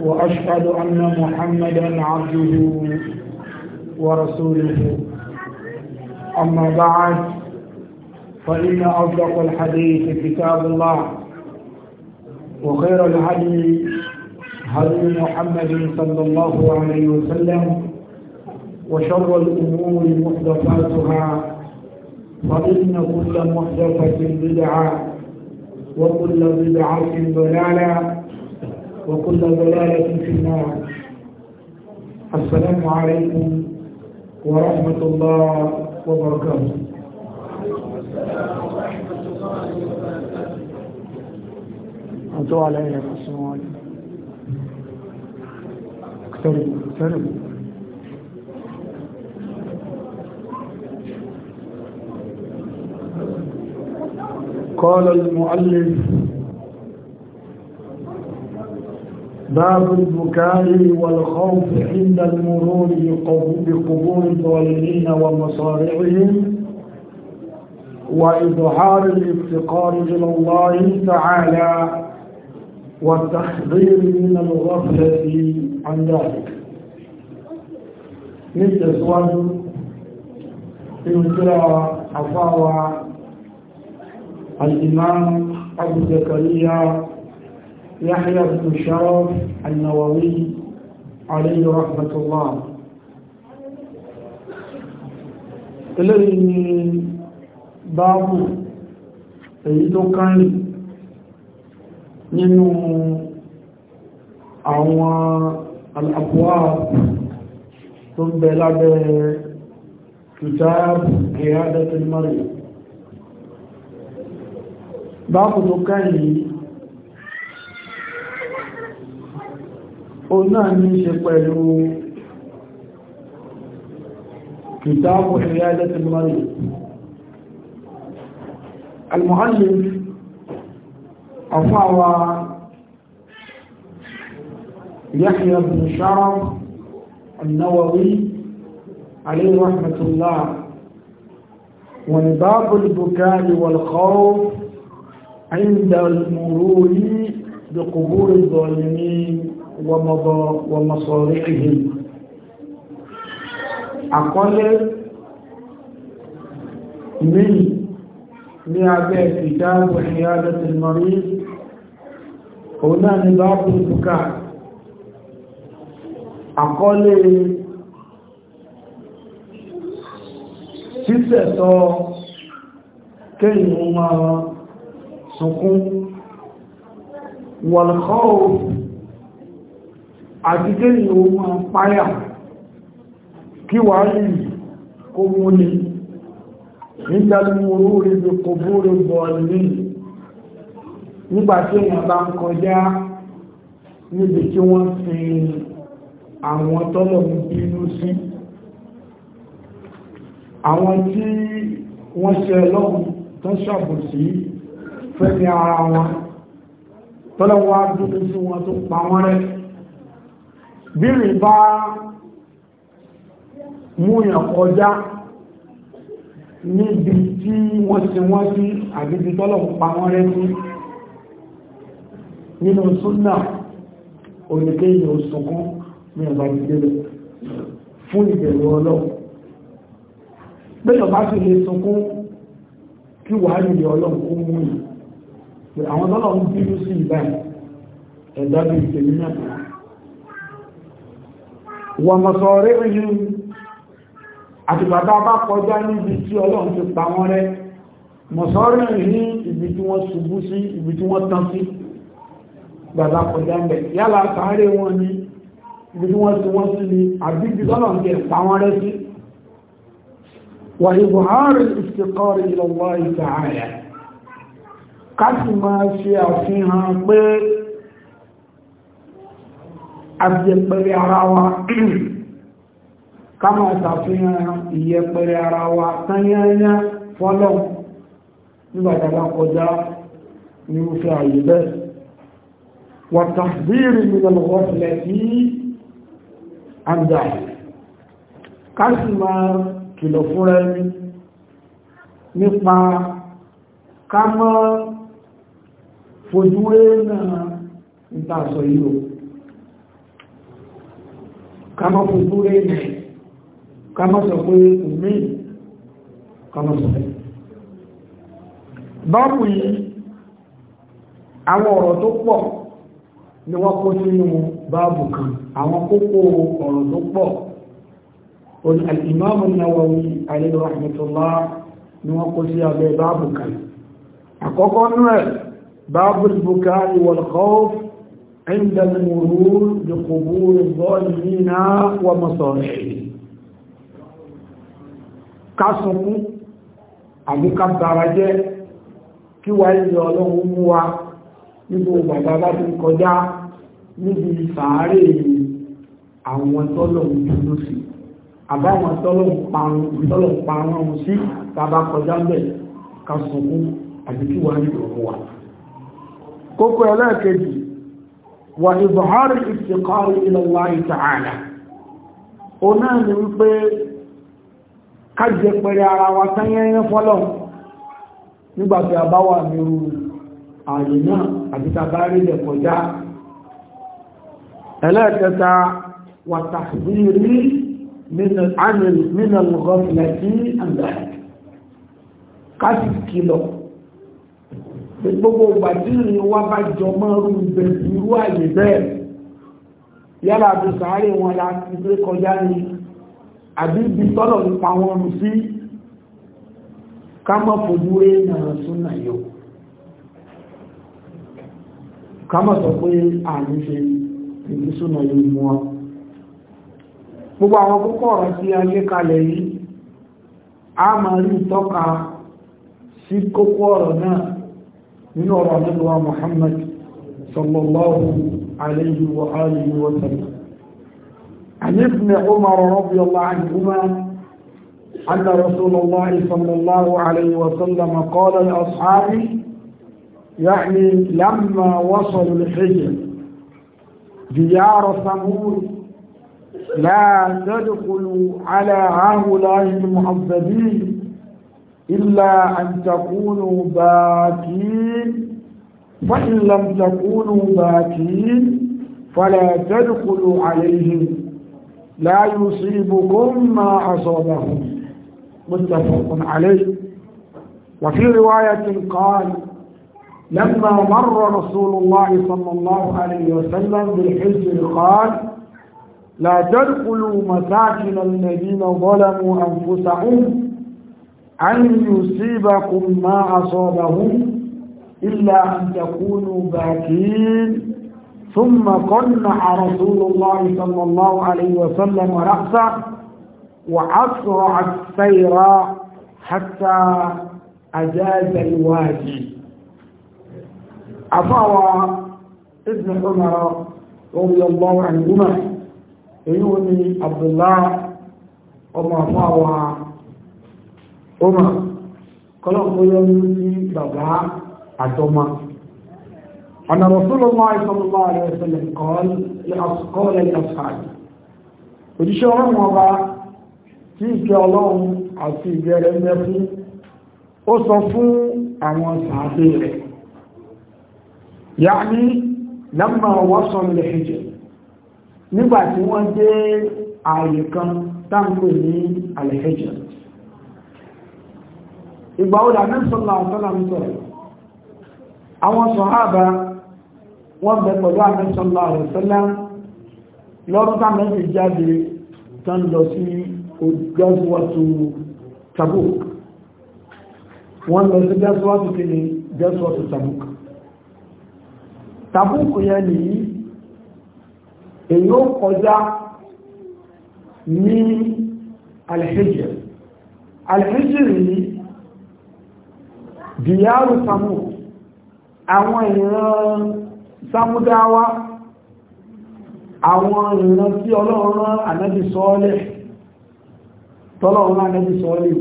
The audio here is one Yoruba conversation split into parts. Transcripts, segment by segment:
وأشهد أن محمدا عبده ورسوله أما بعد فإن أصدق الحديث كتاب الله وخير الهدي هدي محمد صلى الله عليه وسلم وشر الأمور محدثاتها فإن كل محدثة بدعة وكل بدعة ضلالة وكل ضلالة في النار السلام عليكم ورحمة الله وبركاته أنتوا على إيه السلام اقتربوا اقتربوا قال المؤلف باب البكاء والخوف عند المرور بقبور الظالمين ومصارعهم وإظهار الافتقار إلى الله تعالى والتحذير من الغفلة عن ذلك مثل في مثل عفاوة الإمام أبو زكريا يحيى بن شرف النووي عليه رحمة الله إليه باب إيدو كان nínú àwọn al'abuwa tó ń bẹ lábẹ́ kìtàbù ìyádẹ́tìlmọ́rì báàkù tó káyìí o náà ní ṣe pẹ̀lú kìtàbù ìyájẹ́ mọ́rí al-mu'allif afáwa yahya bin sharaf annawawi alayhi rahmatullah wani babu bukari wal khawf عند المروري بقبور الظالمين ومضى ومصارعهم أقل من لعباء كتاب وحيادة المريض هنا نضاف البكاء أقل ستة صار كي هما سكون والخوف àti kéyìn ó máa páyà kí wà rí kó mú ní nígbàtí orú rí bí kò búrú bọ̀ọ̀lì nígbàtí wọ́n bá ń kọjá níbi tí wọ́n fi àwọn tọ́lọ̀ ń bínú sí àwọn tí wọ́n ṣe lọ́wọ́ tó ṣàbòsí fẹ́ ní ara wọn tọ́lọ̀ á dúró sí wọn tó pa wọ́n rẹ̀ bírin bá múyàn kọjá níbi tí wọ́n ti wọ́n sí àbíbi tọ́lọ̀ pa wọ́n rẹ́ sí nínú súnnà oníké ìyẹ̀ òsùnkún ní ọba ìdílé fún ìbẹ̀rù ọlọ́run bẹ́ẹ̀ bá sì lè sunkún kí wàá nílé ọlọ́run kó mú àwọn tọ́lọ̀ ń bínú sí ìbáyìí ẹ̀dá bí ìtẹ̀lẹ́ náà wọ́n mọ̀ sọ rẹ̀ yìí àti bàbá bá kọjá níbi tí ọlọ́run ti pa wọ́n rẹ̀ mọ̀ sọ rẹ̀ ní ibi tí wọ́n ṣubú sí ibi tí wọ́n tán sí bàbá kọjá ń bẹ̀ yálà sáré wọn ni ibi tí wọ́n ti wọ́n sí ni àbí ibi tọ́lọ́run ti pa wọ́n rẹ̀ sí وإظهار الافتقار إلى الله تعالى قد ما في أفيها بيت àjẹpẹrẹ ara wa ká máa ṣàfihàn ìyẹpẹrẹ ara wa tányányá fọ́lọ̀ nígbàtà bá kọjá ní oúnjẹ àyè bẹ́ẹ̀ wàtàbírí mílọ̀lọ́wọ́ sílẹ̀ sí àgbà ká sì máa kìlọ̀ fúnra ẹni nípa ká mọ́ náà ìtàṣọ yìí ká má fojú rẹ̀ nẹ̀ ká má sọ pé òmí ká má sọ pé báàbù yìí àwọn ọ̀rọ̀ tó pọ̀ ni wọ́n kó sínú báàbù kan àwọn kókó ọ̀rọ̀ tó pọ̀ òní alìmáàmù Nawawi alayhi rahmatullah ni wọ́n kó sí abẹ́ báàbù kan àkọ́kọ́ náà báàbù al-bukai wal عند المرور بقبور الظالمين ومصالحهم kásùnkú àbí ká كي jẹ́ kí wà ilẹ̀ ọlọ́run mú wa nígbò bàbá bá ti kọjá níbi sàárè àwọn tọ́lọ̀un dúró sí àbáwọn tọ́lọ̀un parun sí tàbá kọjá mẹ́ kásùnkú àbí kí wà ilẹ̀ wa kókó ẹlẹ́ẹ̀kejì وإظهار الافتقار إلى الله تعالى ọ̀nà ni wípé ká jẹ pẹ̀rẹ̀ ara wa tányẹ́yẹ́ fọ́lọ̀ nígbàtí a bá wà ní irú ààyè náà àti tàbá rí lẹ̀ kọjá ẹlẹ́ẹ̀kẹta wà tàbí rí mínà lọ́gọ́fìlẹ̀ sí àgbà ká sì kìlọ̀ pé gbogbo gbàdúrin wa bá jọ mọ́rú ibẹ̀ irú àyè bẹ́ẹ̀ yálà àti sàárè wọn la ti gbé kọjá ni àbí ibi tọ́lọ̀ ń pa wọn rù sí ká mọ́ fojú rí náà súnà yóò ká mọ́ sọ pé àmì ṣe ìlú súnà yóò mú ọ gbogbo àwọn kókó ọ̀rọ̀ tí a kalẹ̀ yìí a máa rí tọ́ka sí kókó ọ̀rọ̀ náà من وراء نبوة محمد صلى الله عليه وآله وسلم عن ابن عمر رضي الله عنهما أن رسول الله صلى الله عليه وسلم قال لأصحابه يعني لما وصلوا الحجر ديار ثمود لا تدخلوا على هؤلاء المعذبين إلا أن تكونوا باكين فإن لم تكونوا باكين فلا تدخلوا عليهم لا يصيبكم ما أصابهم متفق عليه وفي رواية قال لما مر رسول الله صلى الله عليه وسلم بالحجر قال لا تدخلوا مساكن الذين ظلموا أنفسهم أن يصيبكم ما أصابهم إلا أن تكونوا باكين ثم قنع رسول الله صلى الله عليه وسلم رأسه وأسرع السير حتى أجاز الوادي أفوى ابن عمر رضي الله عنهما يوني عبد الله وما فوى ó mà kọ́lọ̀kọ́yọ́ ní bàbá àtọ́mà ọ̀nà Rasulullah sallallahu alaihi wasallam kọ́ọ̀lẹ̀ ìlàṣàáyì òjíṣẹ́ ọlọ́run nígbàtí wọ́n dé ààyè kan táǹkù ní àlẹ́hẹ́jẹ̀ ìgbà ó dàbí sọ́lá àtọ́lá ń sọ̀rọ̀ àwọn sọ̀hábà wọ́n bẹ pẹ̀lú àmì sọ́lá àtọ́lá lọ́rún táwọn ti jáde tán lọ sí gẹ́sùwọ́tù Tabuk wọ́n lọ sí gẹ́sùwọ́tù kí ni gẹ́sùwọ́tù Tabuk Tabuk yẹn nìyí èyí ó kọjá ní alhijir alhijir yìí dìyàrù samud àwọn ìran samudáwá àwọn ìran tí ọlọ́run rán ànábì sọ́ọ́lẹ̀ tọ́lọ́run rán ànábì sọ́ọ́lẹ̀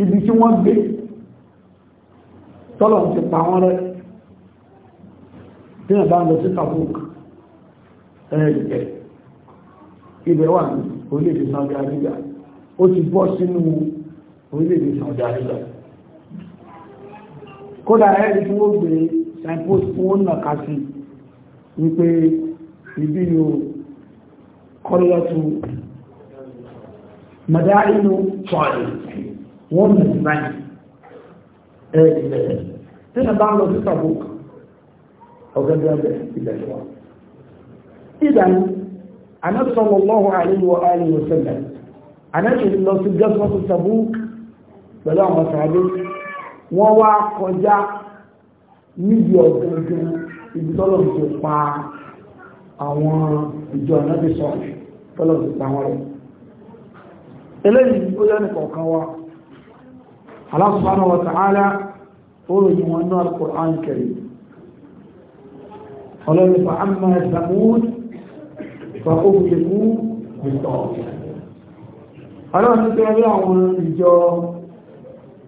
ibi tí wọ́n gbé tọ́lọ̀n ti pa wọ́n rẹ̀ tí ẹ̀bá lọ sí Tabuk ẹ̀ẹ̀ẹ̀ ibẹ̀ wà ní orílẹ̀-èdè Saudi Arabia ó ti bọ́ sínú orílẹ̀-èdè Saudi Arabia kódà ẹ̀rí tí wọ́n gbé signpost fún wọn nà ká sí wípé ibi yóò kọ́lọ́tù mọ̀dá inú tọ́ọ̀lì wọ́n nà sí báyìí ẹ̀rí bẹ̀rẹ̀ tí wọ́n bá ń lọ sí tàbùkù ọ̀gẹ́gẹ́ ilẹ̀ wa idan anabi sallallahu alayhi wa alihi wa sallam anabi lọ sí gẹ́sọ́tù tàbùkù pẹ̀lú àwọn sàbẹ̀ wọ́n wá kọjá níbi ọ̀gangan ibi tọ́lọ̀ tó pa àwọn ìjọ ànábì sọ̀rọ̀ tọ́lọ̀ tó pa wọn rẹ̀ eléyìí ó yẹ́ nìkọ̀ọ̀kan wa Allah subhanahu wa ta'ala oòrùn wọn náà Al-Qur'an Karim ọlọ́run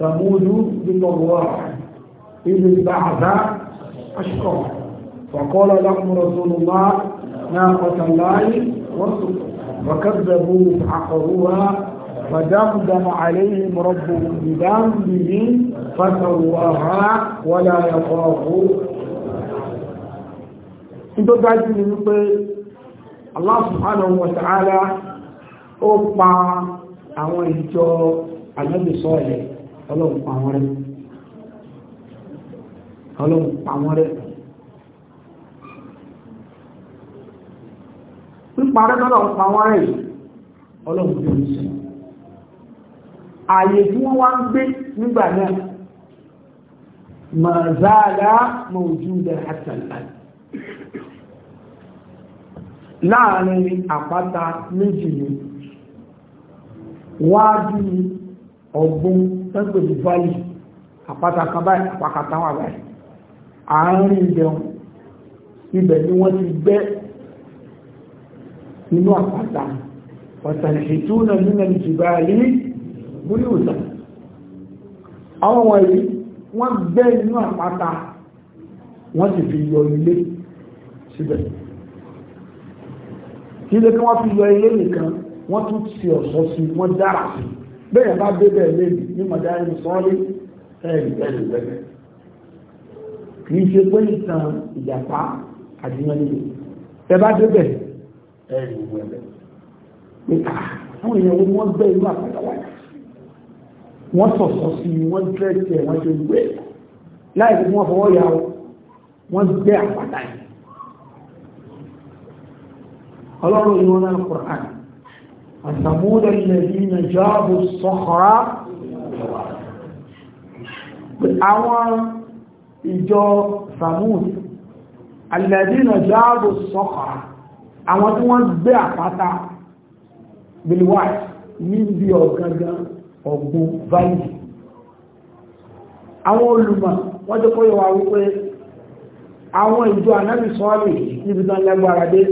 ثمود بالله إذ البعث أشقى فقال لهم رسول الله ناقة الله وسقى فكذبوا فعقروها فدمدم عليهم ربهم بذنبه فسواها ولا يخاف tó dájú من wípé Allah subhanahu wa ta'ala ó pa àwọn ọlọ́run pa wọ́n rẹ́ ọlọ́run pa wọ́n rẹ́ pípa rẹ́ lọ́lọ́run pa wọ́n rẹ́ ọlọ́run tó ń sọ ààyè tí wọ́n wá ń gbé nígbà náà màzáàlá mawjuda hatta al-an láàrin àpáta méjì ni wáájú ọgbọ́n tọ́jú ní valley àpáta kan báyìí àpákàtà wà báyìí àárín ìdẹ̀hùn ibẹ̀ ni wọ́n ti gbẹ́ inú àpáta ọ̀tàlẹ̀ṣẹ̀tú náà nínú ìjìbá yìí múrí òtà àwọn wọ̀nyí wọ́n gbẹ́ inú àpáta wọ́n sì fi yọ ilé síbẹ̀ kí lé kí wọ́n fi yọ ilé nìkan wọ́n tún ti ọ̀ṣọ́ sí wọ́n dára sí bẹ́ẹ̀ bá débẹ̀ lébi ní mọ̀dáyé sọ́ọ́lì ẹ̀rì ẹ̀rì lẹ́gbẹ̀ kìí ṣe pé ìtàn ìjàpá àdínyẹ́lẹ́ ẹ bá débẹ̀ ẹ̀rì wẹ̀lẹ̀ pé àwọn èèyàn wo wọ́n gbẹ́ ìlú àpàdáwáyà wọ́n sọ̀sọ̀ sí wọ́n dẹ́ẹ̀tì ẹ̀ wọ́n ṣe gbé láì fi wọ́n fọwọ́ yà wọ́n gbé àpàdá yìí ọlọ́run ìwọ̀n náà kọ̀ọ̀kan وثمود الذين جابوا الصخرة àwọn ìjọ Samud alladhina jáàbò sọ́kàá àwọn tí wọ́n gbé àpáta bilwai níbi ọ̀gangan ọ̀gbùn báyìí àwọn olùmọ̀ wọ́n jẹ́ kó yọwà wípé àwọn ìjọ anábìsọ́ọ̀lẹ̀ níbi tán lẹ́gbàradé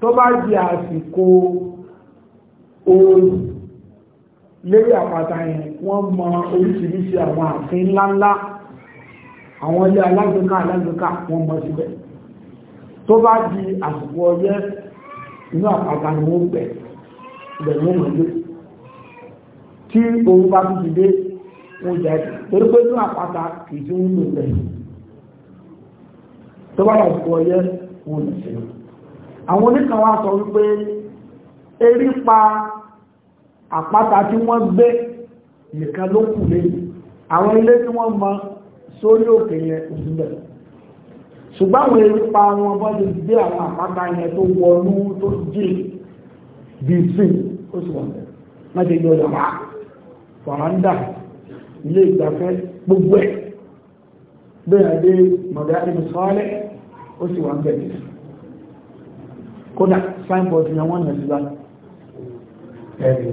tó bá di àsìkò ooru lérí àpáta yẹn wọ́n mọ oríṣiríṣi àwọn ààfin ńláńlá àwọn ilé alágbèéká alágbèéká wọ́n mọ síbẹ̀ tó bá di àsìkò ọyẹ́ inú àpáta ni wọ́n bẹ̀ ibẹ̀ ni wọ́n mọ̀ dé tí ooru bá tún ti dé wọ́n jẹ́ torí pé inú àpáta kì í sí wọ́n lò bẹ̀ tó bá àsìkò ọyẹ́ wọ́n lò sí àwọn oníkan wá sọ wípé erípa àpáta tí wọ́n gbé nìkan ló kù lẹ́yìn àwọn ilé tí wọ́n mọ sórí òkè yẹn òsùnbẹ̀ ṣùgbọ́n àwọn epa wọn bọ́ ti gbé àwọn àpáta yẹn tó wọnú tó jì bí sí ó sì wọ̀n bẹ̀ má ti yọ yàrá fàrándà ilé ìgbafẹ́ gbogbo ẹ̀ bẹ́ẹ̀ adé mọ̀dá ẹni sọ́ọ́lẹ̀ ó sì wọ̀n bẹ̀ kódà signboard yẹn wọ́n nà sí wa ẹ̀rì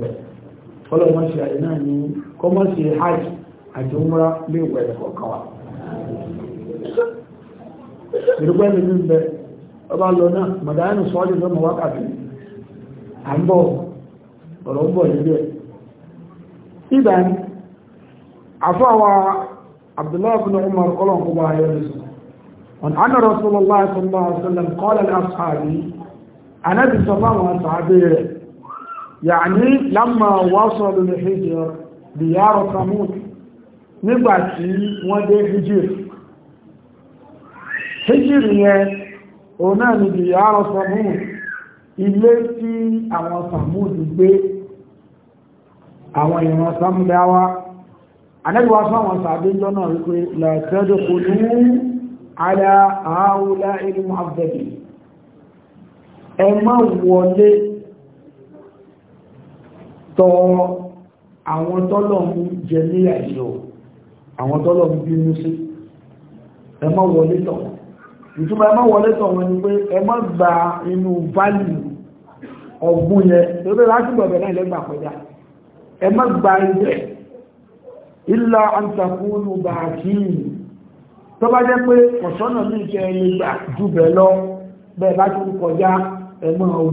kọ́lọ́mọ́ ṣe àyè náà ní kọ́mọ́ ṣe hajj àti umra lè wẹ̀ kọ̀ọ̀kan wa ìrúgbẹ́ mi ní bẹ ọba lọ náà mọ̀dáyánù sọ́ọ́lì lọ́mọ wákàtí à ń bọ̀ ọ̀rọ̀ ń bọ̀ nílé ẹ̀ ìgbà ní àfọwà abdullahi bin umar kọlọ̀ kọba ayọ́lẹ̀ sọ wọn anà rasulullah sallallahu alaihi wasallam qala al-ashabi anabi sọ fáwọn sàábé yàní lámà wọ́sọ̀lù ní hijir bí yàrá samud nígbàtí wọ́n dé hijir hijir yẹn o náà ni bí yàrá samud ilé tí àwọn samud gbé àwọn ìran samudáwá anẹ́gbà sáwọn sàbí lọ́nà wípé lẹ́tẹ́dẹ̀ kò ní àdá àáwúlá ilé mọ́ abdẹ́bì ẹ wọlé tọ àwọn tọ́lọ̀ ń jẹ ní àìyọ̀ àwọn tọ́lọ̀ ń bínú sí ẹ má wọlé tọ̀ wọ́n ìtumọ̀ ẹ má wọlé tọ̀ wọ́n ni pé ẹ má gba inú value ọ̀gbun yẹn lórí láti gbọ̀bẹ̀ náà lẹ́gbà kọjá ẹ má gba ibẹ̀ ìlà àǹtàkùnù bàákìí tó bá jẹ́ pé ọ̀ṣọ́nà ní ìṣẹ́ ẹni gbà jù bẹ̀ lọ bẹ́ẹ̀ bá ti kọjá ẹ máa wù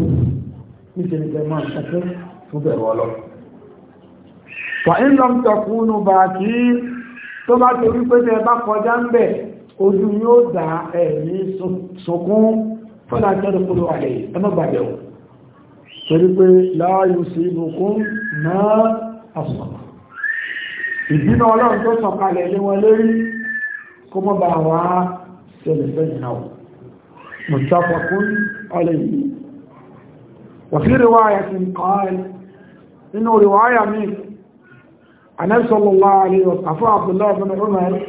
níṣẹ́ níṣẹ́ máa ṣàkẹ́ fún bẹ̀rù ọlọ́run wà ń lọ tọkùnù bà kí tó bá torí pé tẹ bá kọjá ń bẹ̀ ojú yóò dá ẹ̀mí sunkún fọ́nà jẹ́rù kúrò àlẹ́ ẹmọ́gbàdẹ̀ o torí pé láàyò sí ibùkún náà àsọ̀ ìbínú ọlọ́run tó sọ̀kalẹ̀ ní wọn lórí kó mọ́ bá wá ṣẹlẹ̀ fẹ́ ìnáwó mùsàfàkún ọlẹ́yìn وفي رواية قال إنه رواية من أنس صلى الله عليه وسلم عبد الله بن عمر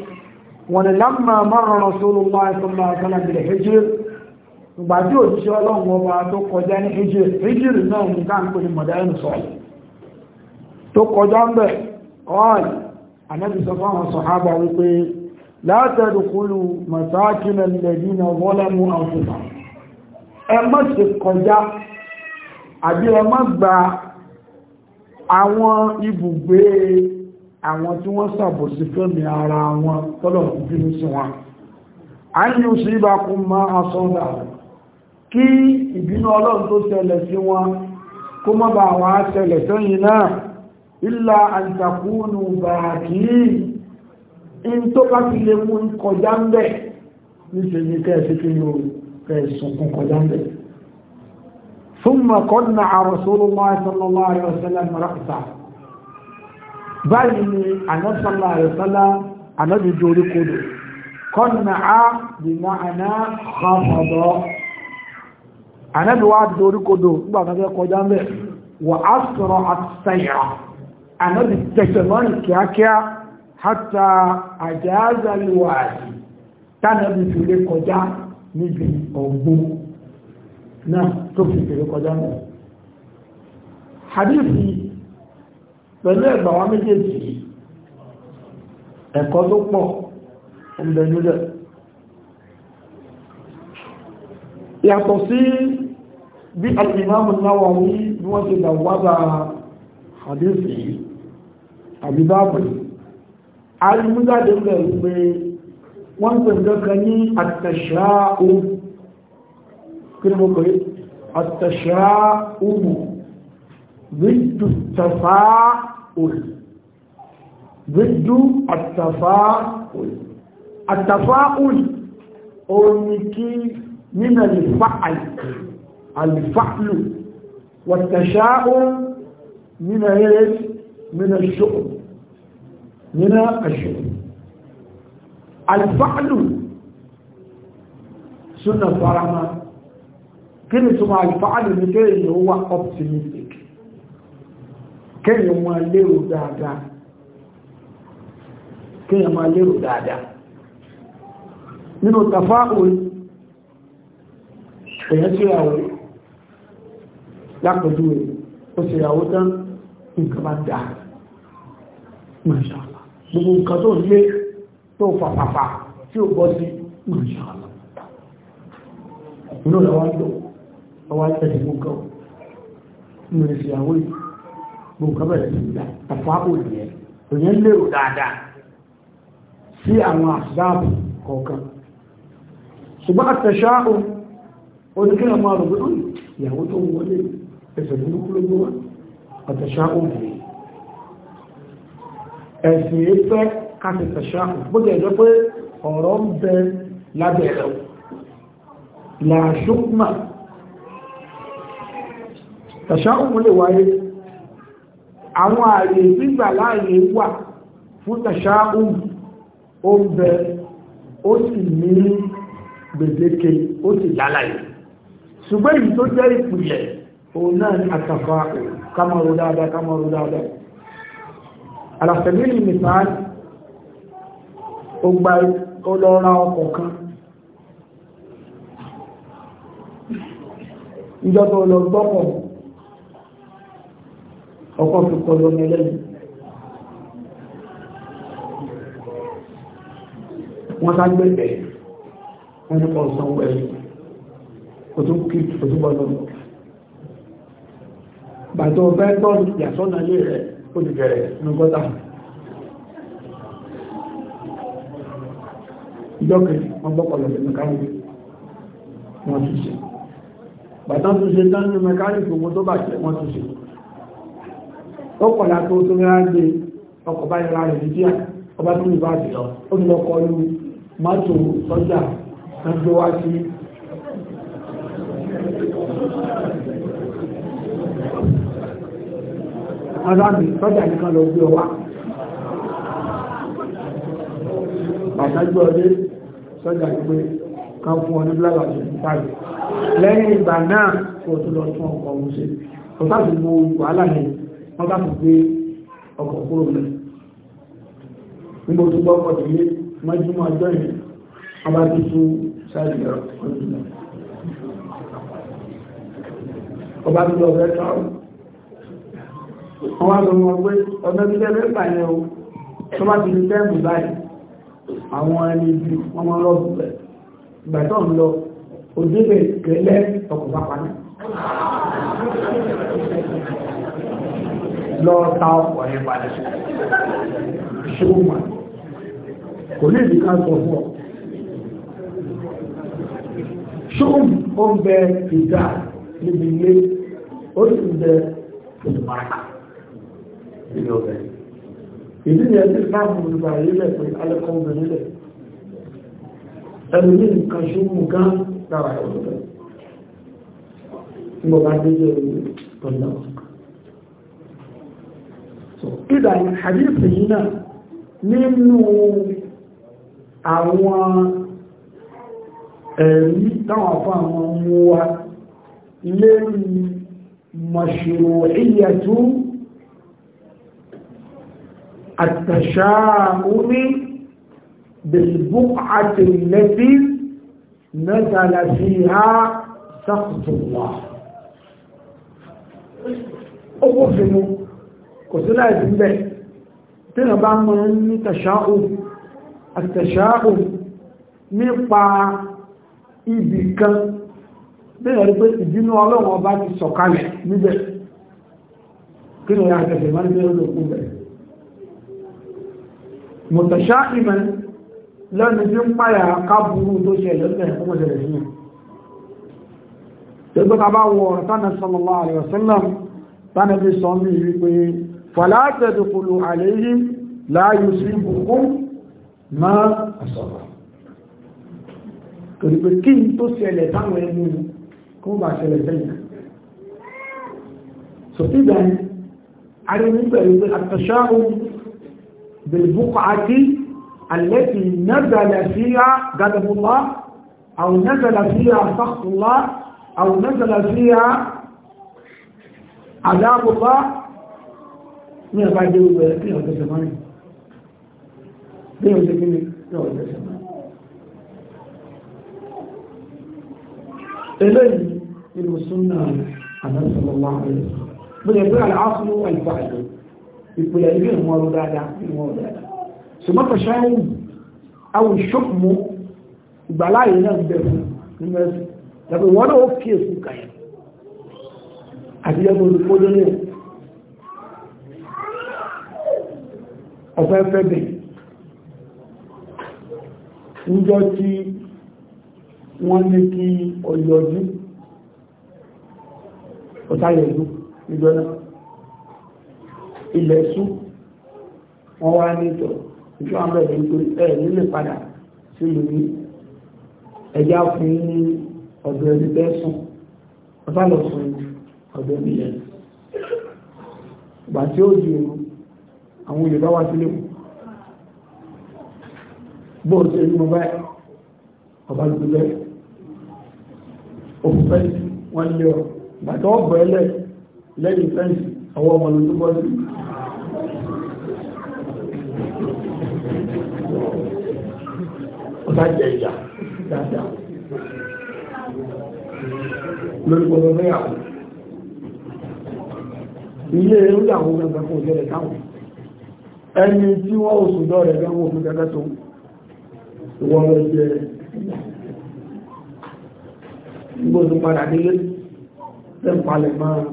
ولما مر رسول الله صلى الله عليه وسلم بالحجر وبعدين إن الله وما تقدان حجر حجر نوم كان كل مدائن صالح تقدان به قال النبي صلى الله عليه وسلم يقول لا تدخلوا مساكن الذين ظلموا أنفسهم أما تقدان àbí ẹ má gba àwọn ibùgbé àwọn tí wọ́n ṣàbòsí fẹ́mi ara wọn tọ́lọ̀ bínú sí wọn a ń yíò sí ìbákun ma asọ́dà kí ìbínú ọlọ́run tó ṣẹlẹ̀ sí wọn kó má bá àwọn aṣẹlẹ̀ sẹ́yìn náà ìlà àǹtàkùnù bàákì in tó bá ti lè mú kọjá ń bẹ̀ níṣẹ́ ní kẹ́ẹ̀sì kí ní o kẹ́ẹ̀sùn kọjá ń bẹ̀ ثم على رسول الله صلى الله عليه وسلم رأسه بل أن صلى الله عليه وسلم أنا بجوري قدو قنع بمعنى خفض أنا بواد دوري قدو بعد ذلك قدام وأسرع السيرة أنا بتشمل كاكيا حتى أجاز الوادي كان بجوري قدام نجي أوبو náà tó fi kèrè kọjá náà hadithi pẹ̀lú ẹ̀gbà wa méjèèjì ẹ̀kọ́ tó pọ̀ ọmọdé nílẹ̀ yàtọ̀ sí bí al-Imam Nawawi bí wọ́n ti dàwádà hadithi àbíbáàbù alimújáde ń bẹ̀rù pé wọ́n pẹ̀lú kan ní àtẹ̀ṣáà ohun kí ni mo ضد التفاؤل ضد التفاؤل التفاؤل اونيكي من الفعل الفعل والتشاؤم من ايش من الشؤم من الشؤم الفعل سنة فرمان kí ni tó máa fa àdìmí kéèyàn ó wà optimistic kéèyàn máa lérò dáadáa kéèyàn máa lérò dáadáa nínú tàfá òun èyàn tí ìyàwó lápẹ̀jú rẹ̀ ó sì ìyàwó tán nǹkan bá dáa mọ̀ṣàlá gbogbo nǹkan tó lé tó fàfàfà ọwọ́ àtẹ̀lé gbogbo mìíràn sí àwọn yìí gbogbo bẹ̀rẹ̀ sí ìgbà tàfà òyìn òyìn lérò dáadáa sí àwọn àṣìdáàbò kọ̀ọ̀kan ṣùgbọ́n àtẹ̀ṣáàbò oníkẹ́lẹ̀ máa rò pé ó ìyàwó tó ń wọlé ẹsẹ̀ burúkú ló gbé wá àtẹ̀ṣáàbò bìí ẹ̀sìn ìfẹ́ káṣẹ̀ tẹ̀ṣáàbò bó jẹ́ pé ọ̀rọ̀ ń bẹ lábẹ́ ẹ̀rọ làṣùkmà tàṣáhùn lè wáyé àwọn ààyè gbígbà láàyè wà fún tàṣáhùn ó ń bẹ ó sì ní gbèdéke ó sì lálàyé ṣùgbọ́n èyí tó jẹ́ ìpìlẹ̀ òun náà ni àtàfà kamaru dáadáa kamaru dáadáa alàfẹ́mílì nìfàán ó gba ọlọ́ra ọkọ̀ kan ìjọba ọlọ́gbọ́kọ̀ ọkọ̀ fi kọlu ọmọ ẹlẹ́yìn wọ́n sá gbé bẹ̀ wọ́n ní kọ́ sanwó ẹ̀yìn kò tún kí kò tún bọ́lọ́ bàtọ̀ fẹ́ tọ́ ìyàsọ́nà ilé rẹ̀ ó ti bẹ̀rẹ̀ ní gọ́tà ìjọ́kẹ̀ wọ́n gbọ́kọ̀lọ̀ sí mẹ́kánìkì wọ́n tún ó kọ̀lá tó tó rárá gbé ọkọ̀ bá yẹra rẹ̀ dídíà ọba tó ní báàdì lọ ó ní lọ́kọ́ lu mọ́tò sọ́jà lọ́jọ́ wá sí arábì sọ́jà nìkan lọ gbé ọwá pàtàkì ọdé sọ́jà gbé kan fún ọdún lábàtí ìpàdé lẹ́yìn ìgbà náà kò tó lọ tún ọkọ̀ ọmọ sí ọ̀sáàtì gbogbo wàhálà wọ́n bá tún gbé ọkọ̀ kúrò lẹ̀ nígbò tó gbọ́ ọkọ̀ tìlé májúmọ́ ọjọ́ yìí wọ́n bá tún tún sáàrì ẹ̀rọ ọdún lọ ọba tó lọ fẹ́ tọ́ wọ́n lọ wọn pé ọdún tí lẹ́fẹ́ gbà yẹn o tó bá ti di tẹ́ẹ̀mù báyìí àwọn ẹni bí wọ́n máa rọ́ọ̀bù rẹ̀ ìgbà tó ń lọ òdébè kẹlẹ́ ọkọ̀ pápá náà lọ ta ọkọ̀ ẹ̀ padà ṣùgbọ́n kò ní ìdíkà sọ fún ọ ṣùgbọ́n ó ń bẹ ìjà níbi ilé ó sì ń bẹ olùmọ̀ọ́ta ilé ọ̀bẹ ìdí ni ẹni sáàmù olùgbà ilẹ̀ pé alẹ́kọ̀ọ́ obìnrin lẹ̀ ẹni ní nǹkan ṣùgbọ́n gan lára ẹ̀ olùgbà ń bọ̀ bá dé jẹ́ ìlú pẹ̀lú ìdà ìhàdíìsì yìí náà nínú àwọn ẹ̀rí táwọn afọ àwọn mú wa lérí mashru'iyyatu التشاؤم بالبقعة التي نزل فيها سقط الله ó kó fi mú kò sí láìsí ń bẹ̀ tí wọ́n bá mọ́ ní tàṣáhù àtàṣáhù nípa ibì kan tí wọ́n rí pé ìdínú ọlọ́wọ́n bá ti sọ̀kalẹ̀ níbẹ̀ kí ni wọ́n tẹ̀sẹ̀ máa ń bẹ̀rẹ̀ lókù bẹ̀ mọ̀tàṣá ìmẹ̀ lẹ́nu tí ń páyà káàbùrú tó ṣe ẹ̀lẹ́sẹ̀ ẹ̀kọ́ tẹ́gbẹ́ta bá فلا تدخلوا عليهم لا يصيبكم ما أصاب كريب كين توسي اللي تعمل يمين كم بعد سلسلنا سفيدا عرمي بريد التشاؤم بالبقعة التي نزل فيها قدم الله أو نزل فيها سخط الله أو نزل فيها عذاب الله ní ọba dé gbogbo ẹ̀ kí ọ̀dọ̀ ṣe mọ́rin bí o ṣe kíni kí ọ̀dọ̀ ṣe mọ́rin. eléyìí nínú súnà àdáṣọlọ́wọ́ ààrẹ bó ṣe pé wà ìfà àjò ìpìlẹ̀ ilé ìwọ̀n ọdún dáadáa ìwọ̀n ọdún dáadáa ṣùgbọ́n ṣáà wù àwọn ìṣòkùnmó ìgbàláyé náà ń bẹ̀ fún nínú ẹ̀sìn tàbí wọ́n náà ó kíyèsí kàyẹ̀ àti ẹgbẹ́ olùkọ́jọ́ náà ọ̀fẹ́fẹ́ bẹ̀ níjọ́ tí wọ́n ní kí ọyọjú ọ̀táyẹ̀lú níjọ́ náà ilẹ̀ sún wọ́n wá nítọ̀ ìjọ́ àbẹ̀rẹ̀ nítorí ẹ̀ nílẹ̀ padà sí lórí ẹjá fún ní ọ̀dọ̀ ẹni tẹ́sùn ọ̀tálọ̀sùn ọ̀dọ̀ ẹni yẹn ìgbà tí ó di ooru àwọn olè bá wá sílé mú bóò ṣe ní ọba ọba gbígbẹ́ òfin fẹ́ǹsì wọ́n lé ọ bàtà ọgbọ̀ ẹlẹ́ lẹ́yìn fẹ́ǹsì ọwọ́ ọmọ lójú bọ́ sí ọba jẹ ìyà dáadáa lórí gbogbo mẹ́yàwó ilé ẹ̀rọ ìyàwó gbẹ̀gbẹ̀ fún ìjẹ́rẹ̀ táwọn ẹni tí wọ́n ò sùn lọ́rẹ̀ gan wọ́n fún tó wọ́n lọ jẹ́ padà máa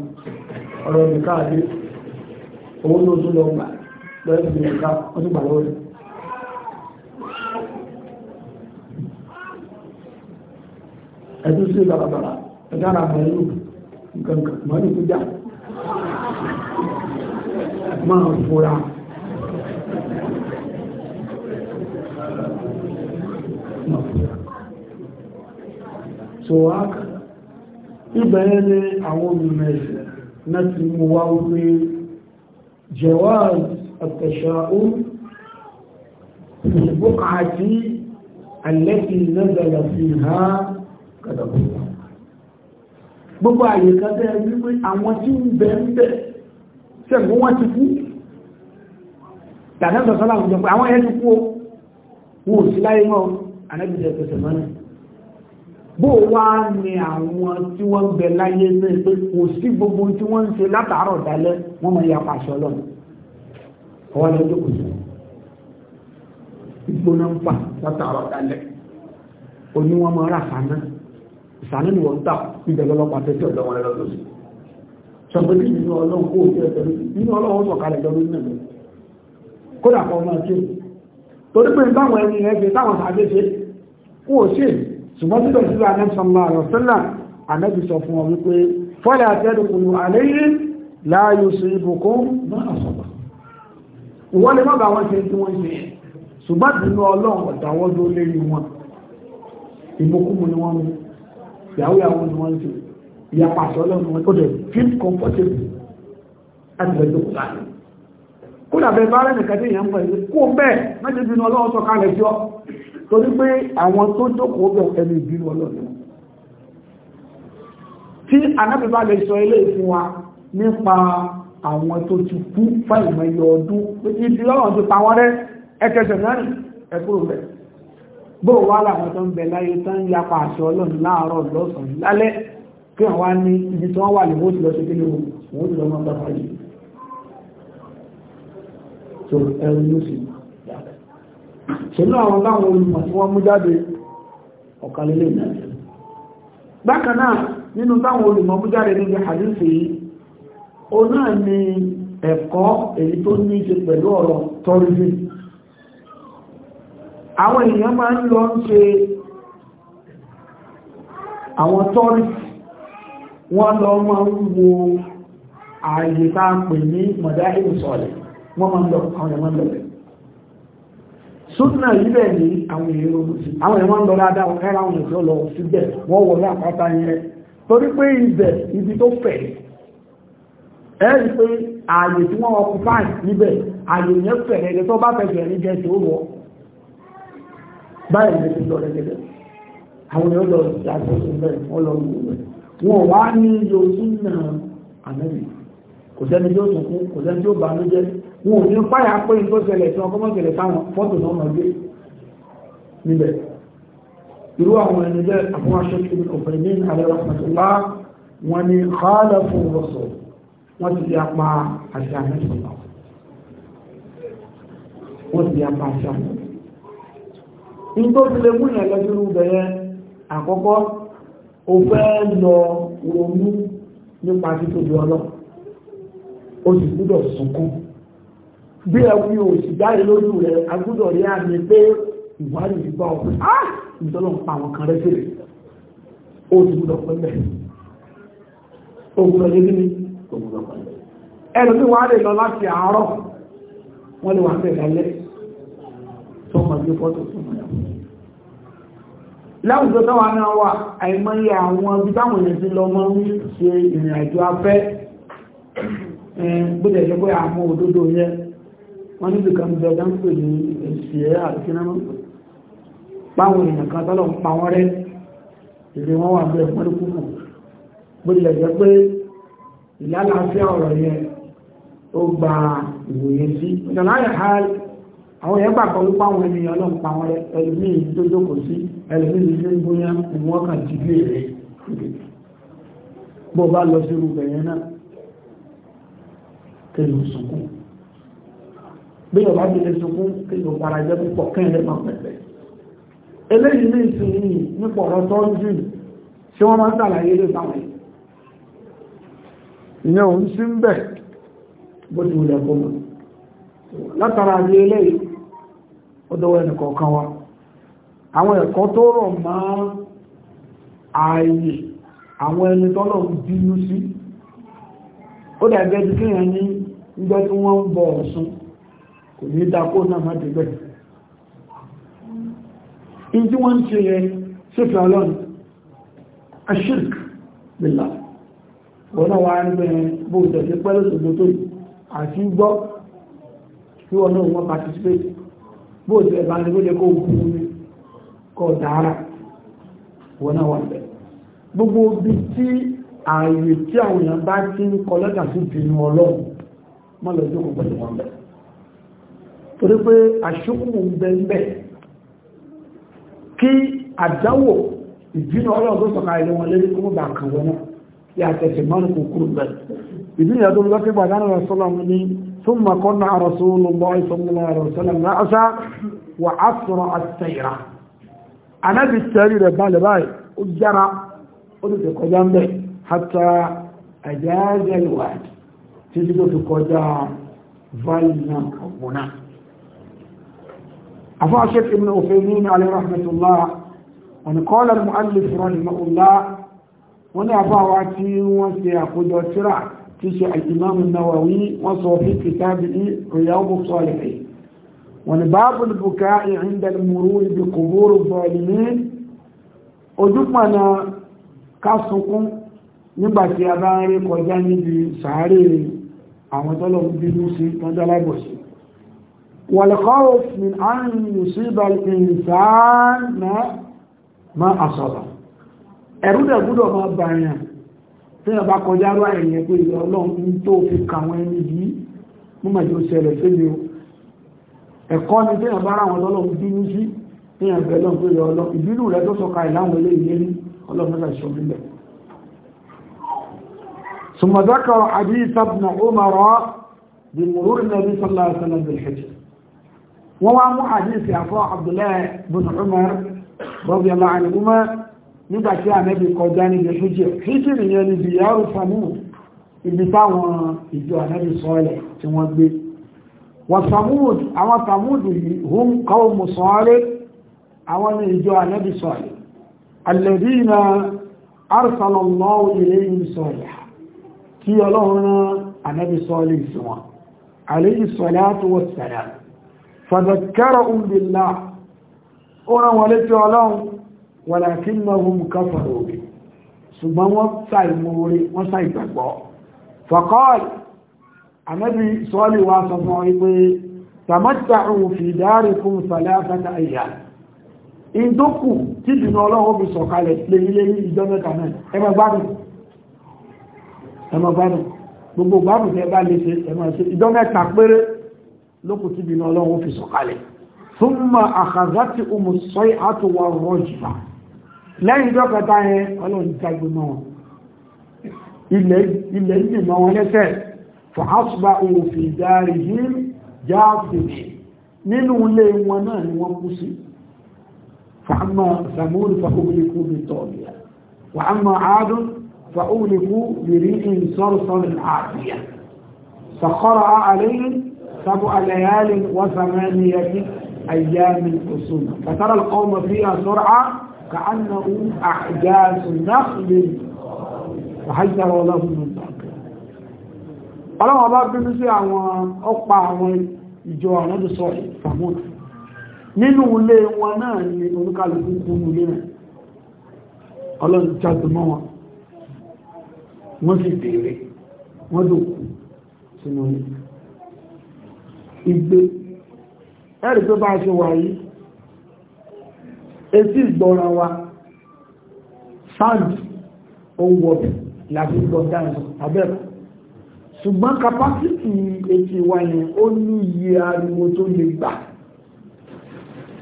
ọ̀rọ̀ ló tún lọ gbà rẹ̀ ẹ̀tún sí ẹ̀dára nǹkan máa so haka ibẹ̀rẹ̀ ni àwọn olùmọ̀ ẹ̀sẹ̀ náà ti mú wá wípé jawaz at-tasha'um fi al-buq'ati allati nazala fiha kadàbùkà gbogbo àyè kan tẹ́ wípé àwọn tí ń bẹ ń bẹ sẹ́gun wọ́n ti kú tàbí ọ̀sán láwùjọ àwọn ẹ̀ kú o wọn sí láyé mọ́ anábìdẹ̀ pẹ̀sẹ̀ mọ́nà bó wá ní àwọn tí wọ́n ń bẹ láyé náà pé kò sí gbogbo tí wọ́n ń ṣe látàárọ̀ dalẹ́ wọ́n mọ̀ ya pàṣọ lọ ọwọ́ lọ́jọ́ kò sí ìgbóná ń fà látàárọ̀ dalẹ́ oní wọn mọ ara sànà sànà ni wọn tà ibẹ lọlọpàá tẹsí ọdọ wọn lọ lọsí sọpẹtì nínú Ọlọ́run kó òfin ẹsẹ lórí nínú Ọlọ́run sọ̀kalẹ̀ jọ lórí nàìjíríà kódà kọ ọmọ ẹsẹ torí pé báwọn ẹni ẹsẹ táwọn sàgbé ṣe wọn ò ṣe ṣùgbọ́n síbẹ̀ síbẹ̀ anẹ́bí sallallahu alaihi wasallam anẹ́bí sọ fún wọn wípé fọ́lẹ̀ àtẹ́dùkùnù àlẹ́yìn láàyò sí ibùkún náà sọ̀bà wọ́n lè má bá wọn ṣe tí wọ́n ṣe ṣùgbọ́n ìdùnnú ń pẹ̀lú kó bẹ́ẹ̀ mẹ́tẹ̀ẹ́bí ni ọlọ́run sọ torí pé àwọn tó jókòó bẹ̀ ẹni ìbínú ọlọ́run tí anábì bá lè sọ ilé ìfún wa nípa àwọn tó ti kú fáìmọ̀ iye ọdún ibi lọ́rùn ti pa wọ́n rẹ́ ẹkẹsẹ̀ mẹ́rin ẹkúrò bẹ̀ bó wà láwọn tó ń bẹ láyé tó ń yapa àṣẹ ọlọ́run láàárọ̀ lọ́sàn-án lálẹ́ kí wọ́n wá ní ibi tí wọ́n wà lè wọ́n ti lọ sí kí wọ́n ti lọ mọ́ bàbá yìí so ẹrù ló sì kú ṣèlú àwọn láwọn olùmọ̀ tí wọ́n mú jáde ọ̀kàlélẹ̀ náà nínú táwọn olùmọ̀ mú jáde o náà ni ẹ̀kọ́ èyí tó ní ṣe pẹ̀lú ọ̀rọ̀ tọ́rìsì àwọn èèyàn máa ń lọ ń ṣe àwọn tọ́rìsì wọ́n lọ máa ń wo súnà yíbẹ̀ ní àwọn èèyàn ọdún sí àwọn èèyàn wọ́n lọ dáadáa wọ́n kẹ́ra àwọn èèyàn lọ síbẹ̀ wọ́n wọlé àpáta yẹn torí pé ibẹ̀ ibi tó fẹ̀ ẹ́ rí pé ààyè tí wọ́n ọkùn fáì níbẹ̀ ààyè yẹn fẹ̀ ẹ̀rẹ́ tó bá fẹ̀fẹ̀ ní jẹ́ tí ó wọ báyìí ti lọ rẹ̀gẹ̀dẹ̀ àwọn èèyàn lọ sí àṣẹṣe bẹ́ẹ̀ wọ́n lọ wù rẹ̀ wọn wá ní iye ojú náà àmẹ́rì kò sẹ́ni tí ó sunkún kò sẹ́ni tí ó bàánú jẹ́ wọn ò ní páyà pé ní tó ṣẹlẹ̀ tí wọn kọ́ mọ́ṣẹlẹ̀ táwọn fọ́tò náà máa gbé níbẹ̀ irú àwọn ẹni bẹ́ẹ̀ àwọn aṣọ ìbí ọ̀fẹ́ ní àlẹ́wà pàtàkì wọn ni kọ́ọ̀lẹ̀ fún rọ̀sọ̀ wọ́n ti ya pa àṣà mẹ́sàn-án wọ́n ti ya pa àṣà mẹ́sàn-án ní tó ti lè mú ìyàn àkọ́kọ́ o fẹ́ lọ ronú nípa títóbi ọlọ́ o sì gbúdọ̀ sunkún bí ẹwú òsì jáde lójú rẹ̀ agbúdọ̀ rí àmì pé ìwádìí ìgbà ọ̀pẹ́ ah ìtọ́lọ̀ pa àwọn kan rẹ̀ sílẹ̀ ó ti gbúdọ̀ pẹ́lẹ̀ ògùn ọdún ní ògùn ọdún ẹnu tí wọ́n á lè lọ láti àárọ̀ wọ́n lè wà fẹ́ lálẹ́ tó mọ̀ sí fọ́tò tó mọ̀ láwùjọ tó wà náà wà àìmọye àwọn ibi táwọn èèyàn ti lọ mọ́ ń ṣe ìrìn àjò afẹ́ gbọ́dọ̀ jẹ́ àwọn òdodo yẹn wọ́n níbi kan jẹ́ dáńpè ní èsì ẹ́ àríkínámọ́ páwọn èèyàn kan tọ́lọ̀ ń pa wọ́n rẹ́ ìlú wọn wà bẹ́ẹ̀ pọ́n púpọ̀ bó tilẹ̀ jẹ́ pé ìlàlàáfíà ọ̀rọ̀ yẹn ó gba ìwòye sí ìdàláyà ha àwọn èèyàn gbàgbọ́ wípé àwọn ènìyàn ló ń pa wọ́n rẹ́ ẹlòmíì tó jókòó sí ẹlòmíì tó ń bóyá ìwọ́n kan ti bí rẹ̀ bó bá lọ sí irú bẹ̀yẹn náà kéèyàn sunkún bí ọba ti lè sunkún kí o para jẹ́ púpọ̀ kẹ́ẹ̀lẹ́ máa pẹ̀lẹ̀ eléyìí ní ìsinyìí nípa ọ̀rọ̀ tó ń jù tí wọ́n máa ń sàlàyé lè bá wọn ìyẹn òun sí ń bẹ̀ bó ti wùlẹ̀ fún wọn látara àti eléyìí ó dọwọ́ ẹnì kọ̀ọ̀kan wa àwọn ẹ̀kọ́ tó rọ̀ máa ààyè àwọn ẹni tọ́lọ̀ ń bínú sí ó dàgẹ́ ti kéèyàn ní ìgbẹ́ tí wọ́n ń bọ̀ ọ̀sùn kò ní dákó náà má dìbẹ̀ in tí wọ́n ṣe yẹ sífẹ́ ọlọ́run ashirk bílá wọ́n wá ń bẹ̀rẹ̀ bó tẹ̀sí pẹ́lú ṣùgbọ́n tó àti gbọ́ tí wọ́n náà wọ́n participate bó tẹ̀ bá ní gbọ́dẹ̀ kó kú ní kọ̀ dára wọ́n náà wà bẹ̀ gbogbo ààyè tí àwọn bá ti ń kọ lẹ́tà sí ìpinnu ọlọ́run mọ́ lọ́jọ́ kò bẹ̀rẹ̀ torí pé àṣókù bẹ̀m̀bẹ̀ kí àdáwò ìbínú ọlọ́run tó sọ̀kà ilé wọn lérí kó bá kàn wọn yà tẹ̀sẹ̀ mọ́nù kò kúrò bẹ̀ ìbínú ìyàtọ̀ lọ sí gbàdánù rọ̀sọ́lọ́mù ní tó mọ̀ kọ́ náà rọ̀sọ́lọ́mù lọ́wọ́ ìsọ́mù أفا شيخ ابن أثيمين عليه رحمة الله ونقال المؤلف رحمه الله ونعفا واتي وسيأخذ سرع تشي الإمام النووي وصوفي كتابه رياض الصالحين ونباب البكاء عند المرور بقبور الظالمين ojúpọ̀nà kásùnkún nígbàtí a bá ń rí kọjá níbi sàárè àwọn tọ́lọ̀ ń bínú sí tọ́jọ́ láìbọ̀sí والخوف من أن يصيب الإنسان ما ما أصابه ẹ̀rù dẹ̀ ما máa bà ẹ̀yàn tí ẹ̀bá kọjá rọ ẹ̀yẹ pé ìlọ ọlọ́run tó fi kàwọn ẹni yìí mú mẹ́jọ ṣẹlẹ̀ sí ni o ẹ̀kọ́ ni tí ẹ̀bá ara wọn lọ́lọ́run bínú sí tí ẹ̀bẹ̀ lọ́n pé ọlọ́ ìbínú rẹ̀ tó sọka ìláwọn ilé ìyé ní ọlọ́run mẹ́ta ìṣọ́bílẹ̀ ثم ذكر حديث ابن عمر بمرور النبي صلى الله عليه وسلم wọ́n wá mú àdínsì àfọ́ Abdullahi bin Umar radiyallahu anhuma nígbàtí àmẹ́bí kọjá níbi fújì fíjì nìyẹn ni bí yàrù Samud ibi táwọn ìjọ àmẹ́bí sọ́ọ̀lẹ̀ tí wọ́n gbé wọ́n Samud àwọn Samud yìí hum qawmu Salih àwọn ní ìjọ àmẹ́bí sọ́ọ̀lẹ̀ alladhina arsala Allahu fadhakkarahum billah ó rán wọn létí ọlọ́run walakinnahum kafaru ṣùgbọ́n wọ́n ṣàìmoore wọ́n ṣàìgbàgbọ́ faqal ànábì sọ́ọ̀lì wa sọ fún ọ pé tamatta'u fi darikum thalathata ayyam ìdókù tí ìdùnnà ọlọ́run bí sọ̀kalẹ̀ lèrílé ní ìjọ mẹ́ta náà ẹmọ gbádùn gbogbo gbádùn tẹ́ bá lè ṣe ẹmọ ìjọ mẹ́ta péré لوكو تي بي في سوكالي ثم اخذت ام الصيحه والرجفه لا يدوك تاي اولون تاي نو الى الى ما ونسى فاصبحوا في دارهم جاثمين نينو لي وانا ني وكوسي فاما ثمود فاهلكوا بالطاغيه واما عاد فاولكوا بريح صرصر عاتيه سخرها عليهم سبع ليال وثمانية أيام أصول فترى القوم فيها سرعة كأنه أحجاز نخل فحجر له من ذاكر ọlọ́wọ́ bá bínú sí àwọn ọpa àwọn ìjọ àwọn sọ ìfàmọ́n nínú ilé wọn náà ni oníkàlùkù kúrú ilé rẹ̀ ọlọ́run jáde wọn wọ́n sì bèèrè wọ́n dùn sínú ilé igbe ẹ̀rì tó bá ṣe wà yìí etí ìgbọ́ra wa sound ohun wọ̀bẹ̀ láti gbọ́ dáìsọ̀ abẹ́rẹ̀ ṣùgbọ́n kapásítì etí wa yẹn ó ní iye ariwo tó lè gbà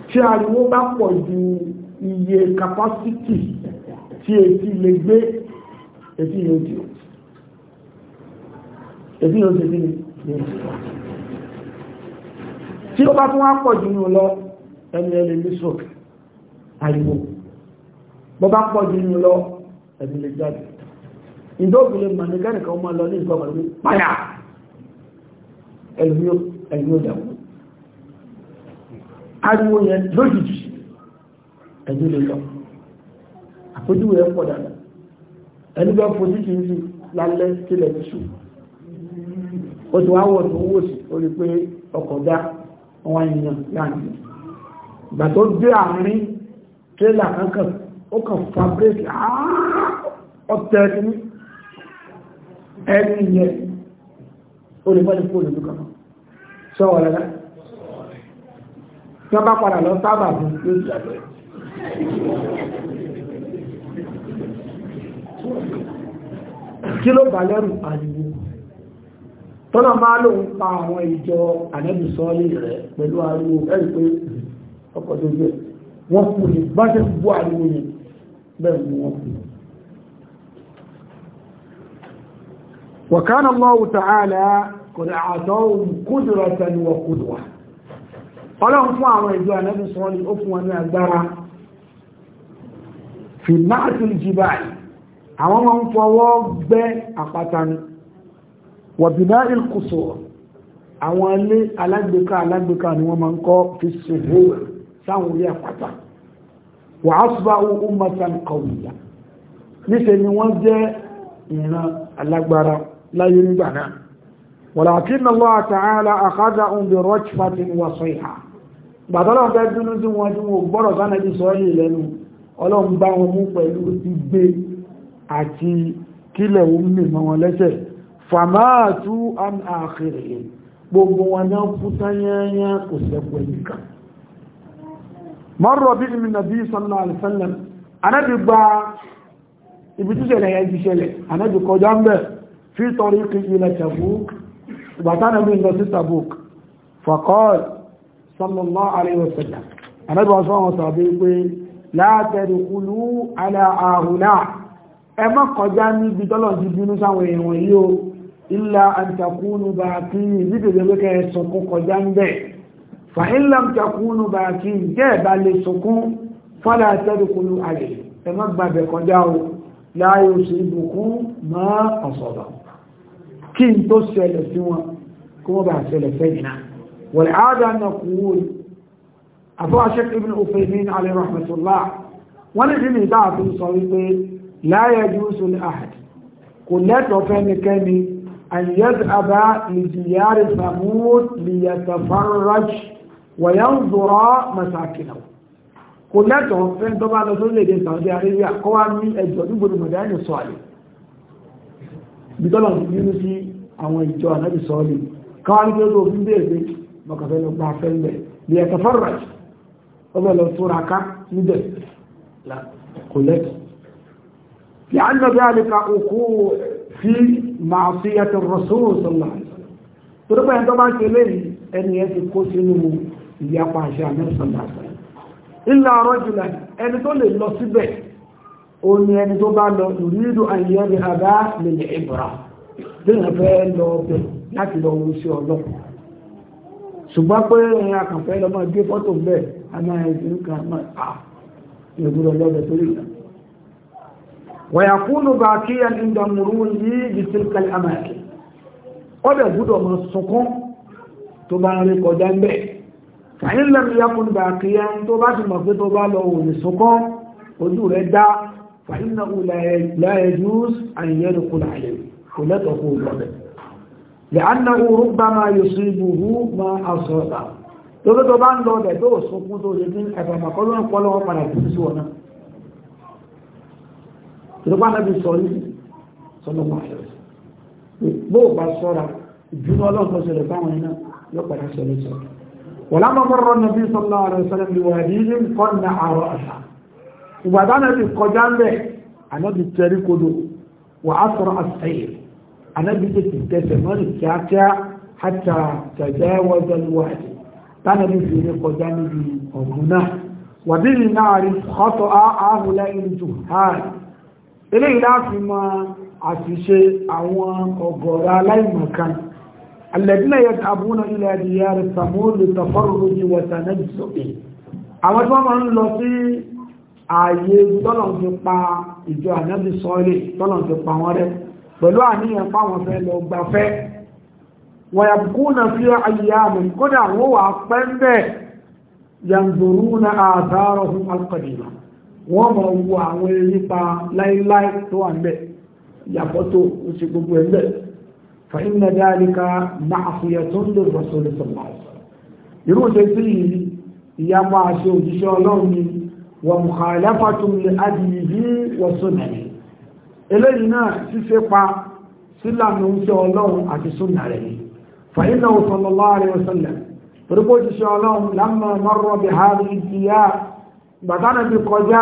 tí ariwo bá pọ̀ ju iye kapásítì tí etí lè gbé etí yóò di o etí yóò di o tí ó bá tún wá pọ̀ jù lọ ẹni ẹni ní sọ̀kì ariwo bọ́ bá pọ̀ jù lọ ẹni lè jáde ìdókùnlé mọ̀nìkẹ́nìkan ọmọ lọ ní ìgbọ́mọ̀ ní páyà ẹ̀lú ìdàmú ariwo yẹn lójijì ẹni lè lọ àpójúwò ẹ̀ pọ̀ dáadáa ẹni bẹ́ fojú kì í sí lálẹ́ sílẹ̀ tìṣù ó ti wá wọ̀ tó wò sí orí wọ́n yìnyàn láàrin ìgbà tó dé àárín tírélà kankan ó kàn fabrèsì ọ̀tẹ́ ẹni ẹni yẹ olùgbọ́dé fóònù tó kàn sọ ọ̀lẹ́lá tí wọ́n bá padà lọ sábà fún ló ti àgbẹ̀ kí ló bá lẹ́rù àdìgbò tọ́nà máa ló ń pa àwọn ìjọ ànẹ́bùsọ́ọ́lì rẹ̀ pẹ̀lú ariwo ẹ̀rí ọkọ̀ tó gbé wọ́n kú ní bá ṣe ń ariwo ni bẹ́ẹ̀ ni wọ́n kú. wa kana Allahu ta'ala qad a'tahum qudratan wa qudwa ọlọ́run àwọn ń fọwọ́ gbẹ́ ni wàbìdá ìkùsọ̀ àwọn ilé alágbèéká alágbèéká ni wọ́n máa ń kọ́ fi ṣòro sáwọn orí àpáta wà á sọ àwọn ummatan qawiyya níṣẹ́ ni wọ́n jẹ́ ìran alágbára láyé nígbà náà walakin Allah ta'ala akhadhahum bi rajfatin wa sayha gbàtọ́lọ́ fẹ́ dúnú tí wọ́n tí wọ́n gbọ́rọ̀ sánàbí sọ yìí lẹ́nu ọlọ́run bá wọn mú pẹ̀lú igbe àti kílẹ̀ omi mọ́ wọn lẹ́sẹ̀ fàmáàtú àmì àkèrè gbogbo wọn náà kú tányányá kò sẹ́kọ̀ọ́ nìkan mọ́rọ̀ bí i nàbí sọ́nà àlùfẹ́lẹ̀m anábì gba ibi tí ṣẹlẹ̀ yẹn ti ṣẹlẹ̀ anábì kọjá ń bẹ̀ fi tọrí kí ilẹ̀ Tabuk ìbátánà mi lọ sí Tabuk faqal sallallahu alayhi wa sallam anábì wọn sọ́wọ́n tàbí pé la tadkhulu ala ahuna ẹ má kọjá níbi tọ́lọ̀ ti bínú sáwọn èèyàn yìí ilà àtàkùnù bàákìní dídèdè pé kẹ́ ẹ sọkún kọjá ń bẹ̀ fà ilà àtàkùnù bàákìní tẹ́ ẹ̀ bá lè sọkún fọ́lá àtẹ́dùkúnú àlè ẹ má gbàbẹ̀ kọjá o láàyò sí ibùkún má ọ̀sọ̀dọ̀ kí n tó ṣẹlẹ̀ sí wọn kí wọ́n bá ṣẹlẹ̀ sẹ́yìn náà wọ̀lẹ̀ àádọ́ náà kú wọ́n àfọ́ àṣẹ́kì ibn Uthaymin mi أن يذهب لديار ثمود ليتفرج وينظر مساكنه كنا توفين طبعا نسول لي دين سعودي أخيري أقوام من أجواني بل مدين صالي بدل أن يقولوا سي أو أجوانا بصالي كان يدو في بيته ما كفين أبنى ليتفرج أما لو سوراك مدين لا كنا لأن ذلك أقول fi ma'siyati rasul sallallahu alaihi wasallam torí pé ẹni tó bá ṣe léyìí ẹni ẹ ti kó sínú ìyapa àṣẹ àmẹ́rin sallallahu alaihi wasallam illa rajulan ẹni tó lè lọ síbẹ̀ ó ní ẹni tó bá lọ ìrídù àyẹ̀rì àbá lè ìbúra lẹ́yìn fẹ́ lọ bẹ̀ láti lọ wo sí ọlọ́pàá ṣùgbọ́n pé ẹ̀yìn akànfẹ́ lọ máa gbé fọ́tò bẹ́ẹ̀ a máa ẹ̀sìn kan máa à ah, ìrògbòrò lọ́bẹ̀ torí ìlànà ويكون باقيا عند مروره بتلك الاماكن ọdẹ gbúdọ̀ mọ̀ sunkún tó bá ń rí kọjá ń bẹ̀ fàyín lẹ́mìí yakun bàkíyá tó bá ti mọ̀ pé tó bá lọ òní sunkún ojú rẹ̀ dá fàyín náà láyé jùs àyẹ̀rù kú láyé kò lẹ́tọ̀ kú lọ́bẹ̀ lẹ́ánà òun bá máa yọ sí ibùhú máa asọ̀ọ̀bà tó bá ń lọ ọdẹ tó sunkún tó yẹ ní ẹ̀fẹ̀ mọ̀kọ́lọ́ ìrọ̀pá anábì sọ ní sọlọ́mọ àṣẹrẹ bó o bá sọ́ra ìdúró ọlọ́pàá ṣẹlẹ̀ báwọn iná yóò padà ṣẹlẹ̀ sọ wọ̀lámọ́ mọ́rọ̀ nàbí sọ́lọ́ àrẹ sọ́lọ́ bí wà ní ilé nǹkan na àrọ̀ àṣà ìgbàdá nàbí kọjá ń bẹ̀ anábì tẹ̀rí kodo wà á sọ̀rọ̀ àṣẹyẹ anábì tètè tẹsẹ̀ mọ́rì kíákíá hàtà tẹ̀jẹ́ wọ́jọ́ níwájú tánàbí fi ní kọjá níbi ọ̀gbùn náà wà bí ní náà rí kọ́tọ̀ á áhùlẹ́ ìlú jù háàlì eléyìí láti mọ àṣìṣe àwọn ọ̀gọ̀rọ̀ aláìmọ̀kan alladhina yadhabuna ila diyar samud litafarruj wa tanajjus àwọn tí wọ́n máa ń lọ sí ààyè tọ́lọ̀n ti pa ìjọ ànábì sọ́ọ́lẹ̀ tọ́lọ̀n ti pa wọ́n rẹ́ pẹ̀lú àníyàn wọ́n máa wo àwọn erípa láíláí tó wà níbẹ̀ yàtọ̀ tó o ṣe gbogbo ẹ̀ bẹ́ẹ̀ fa inna dhalika ma'siyatun lir rasul sallallahu alaihi wasallam irú ṣe sí ìyá máa ṣe òjíṣẹ́ ọlọ́run ni wa mukhalafatun li adlihi wa sunnah eléyìí náà ṣíṣe pa sílànà oúnjẹ ọlọ́run àti súnà rẹ̀ ni gbàtánà ti kọjá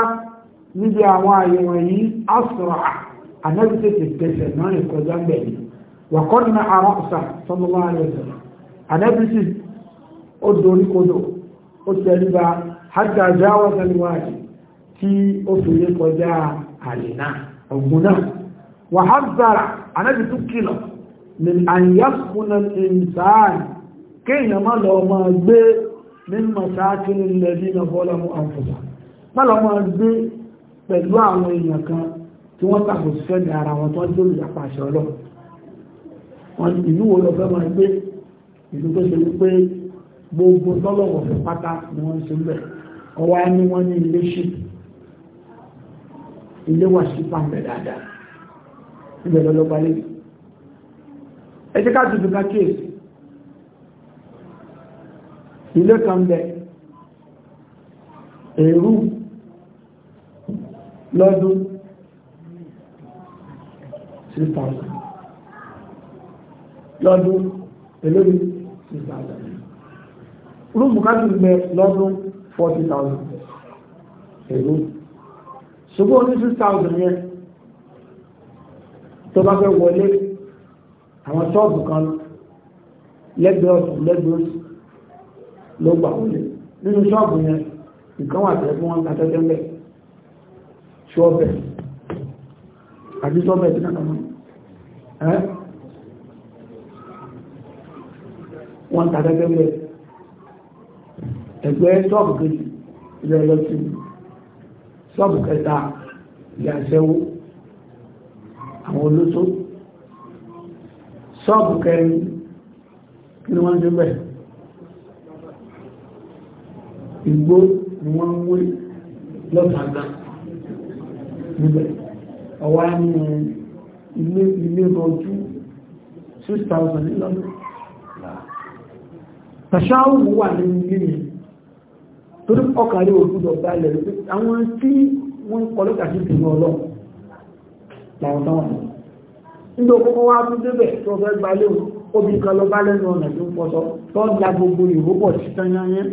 níbi àwọn àyẹ̀wọ̀n yìí asọ̀rọ̀ ànábi tètè tẹsẹ̀ náà lè kọjá bẹ̀rẹ̀ wàkọ́ni na ara ọ̀sà sọmọlá ayẹ̀sẹ̀ ànábi sì ó dorí kodò ó tẹríba hajj àjáwọ̀ tẹliwáàjì tí ó fi kọjá àlè náà ọ̀gbun náà wàhálà ànábi tún kìlọ̀ lè kéèyàn ní masáàkiri lẹ́bí na bọ́lọ́mù àfúsà pẹ́lọ́mọ́ gbé pẹ̀lú àwọn èèyàn kan tí wọ́n tàbí sífẹ́ ní ara wọn tó ń lórí àpàṣẹ ọlọ́run wọn ìlú wo lọ fẹ́ máa gbé ìlú tó ṣe wípé gbogbo tọ́lọ̀wọ̀ fún pátá ni wọ́n ṣe bẹ̀ ọwá ní wọ́n ní ilé ṣì ilé wà sí pàmẹ́ dáadáa ibẹ̀ lọ́lọ́gbálẹ́ ẹ jẹ́ ká tuntun ká kéèsì ilé kan bẹ̀ èrú lọ́dún 6,000 lọ́dún elóbi 6,000 rúùmù káàkiri bẹ lọ́dún 40,000 èrú ṣùgbọ́n ní 6,000 yẹn tó bá fẹ́ wọlé àwọn ṣọ́ọ̀bù kan lẹ́gbẹ̀ẹ́ ọ̀sán ló gbà wọlé nínú ṣọ́ọ̀bù yẹn nǹkan wà tẹ́ fún wọn ta tẹ́tẹ́ mẹ́ ṣọ́ọ̀bẹ̀ àti ṣọ́ọ̀bẹ̀ tí kàkà mọ́ ẹ́ wọ́n ta tẹ́tẹ́ mẹ́ ẹgbẹ́ ṣọ́ọ̀bù kejì ilẹ̀ ọlọ́sìn ṣọ́ọ̀bù kẹta ilẹ̀ àwọn olóṣó ṣọ́ọ̀bù kẹrin kí ni wọ́n ń ṣe bẹ́ẹ̀ igbó ni wọ́n ń wé lọ́tàgbà níbẹ̀ ọwá ní ilé ilé rọjú 6,000 nílọ́nà tàṣáwù wà ní ilé yẹn torí ọkàrí òkúdọ̀ báyẹ̀ rẹ̀ àwọn tí wọ́n kọ lọ́kàtí ti mọ́ ọlọ́ láwọn táwọn nígbà òkúkọ́ wá tún débẹ̀ tó fẹ́ gbalé obìnkan lọ bá lẹ́nu ọ̀nà tó ń pọ̀ sọ tó ń la gbogbo ìrópọ̀ sí tán yányán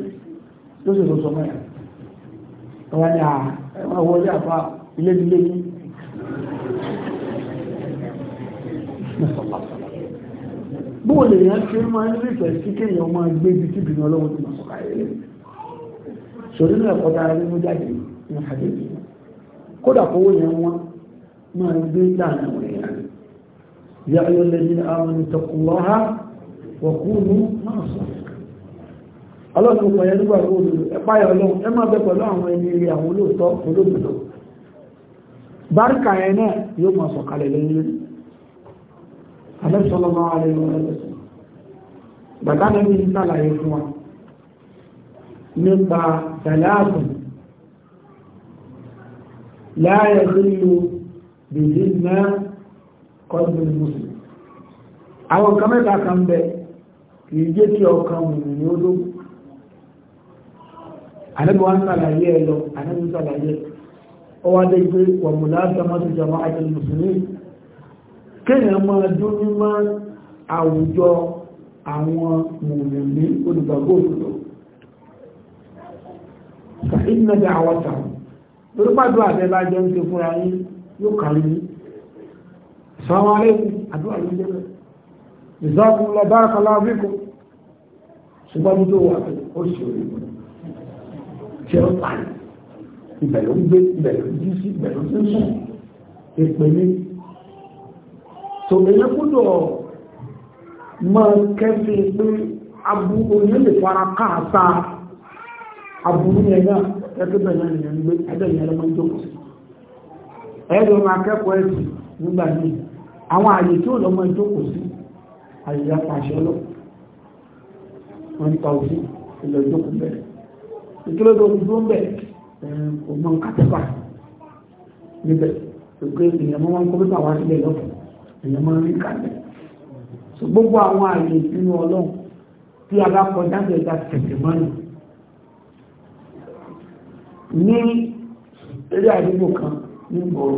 tó sì tó sọ mẹ́rin ọwọ́ ni àwọn owó ilé àfá ilé ilé ní bóò lè yẹn ṣe máa ń rífẹ̀ sí kéèyàn máa gbé ibi tí bìnrin ọlọ́wọ́ ti máa sọ̀kà ilé sòrí náà ẹ̀kọ́ dára nínú jáde ní àdébì kódà kówó yẹn wọ́n máa gbé láàrin àwọn èèyàn yá ayọ́lẹ́ni àwọn ìtọ́kùnlọ́ha wọ̀kúrú máa sọ̀rọ̀ ọlọ́run kò yẹ nígbà tó lòlò ẹ̀páyà ọlọ́run ẹ máa bẹ pẹ̀lú àwọn ẹni ilé àwọn olóòótọ́ olóòótọ́ báríkà yẹn náà yóò máa sọ̀kalẹ̀ lẹ́yìn lórí alẹ́sọ̀lọ́ máa rẹ̀ lọ́wọ́ ẹlẹ́sìn bàtà lẹ́yìn ní sàlàyé fún àwọn kan mẹ́ta kan bẹ kì í kí ọkàn mùsùlùmí ológun àlẹ́bí wọn sàlàyé ẹ lọ àlẹ́bí sàlàyé ọ wá dé pé wàmùlá sàmọ́tò jọmọ́ àti mùsùlùmí kéèyàn máa dún ní máa àwùjọ àwọn mùsùlùmí olùgbàgbọ́ òdodo ìdínà bí àwọn tàwọn lórí pàdó àbẹ́ bá jẹ́ ń ṣe fúnra yín yóò kàrí yín sọ́wọ́n alẹ́kùn àdúrà ló jẹ́ bẹ́ẹ̀ ìzọ́kùn lọ bárakàlá tó wà ó ṣe orí jẹun láì ibẹ̀ ló ń gbé ibẹ̀ ló ń jí sí ibẹ̀ ló ń sún sùn èpè ní tò èyí gbọ́dọ̀ máa kẹ́sí pé abu oní lè fara káàsá aburú yẹn náà ẹgbẹ́ bẹ̀rẹ̀ náà nìyẹn gbé ẹgbẹ́ yẹn lọ́mọ jókòó sí ẹgbẹ́ wọn akẹ́kọ̀ọ́ ẹ̀sìn nígbà yìí àwọn àyè tí ó lọ́mọ jókòó sí àyè apàṣẹ lọ wọn ń ta òfin ilẹ̀ ìjókòó bẹ̀rẹ̀ ìkílódé omi tó ń bẹ̀ ọgbọ̀n kátẹ́fà níbẹ̀ ògbé èèyàn mọ́ wọn kọ́mítà wá sílẹ̀ lọ́pọ̀ èèyàn rí kàlẹ̀ so gbogbo àwọn àyè ìpinnu ọlọ́run tí a bá kọjá ń bẹ̀rẹ̀ tẹ̀sẹ̀ mọ́nì ní eré àdúgbò kan ní ìgboro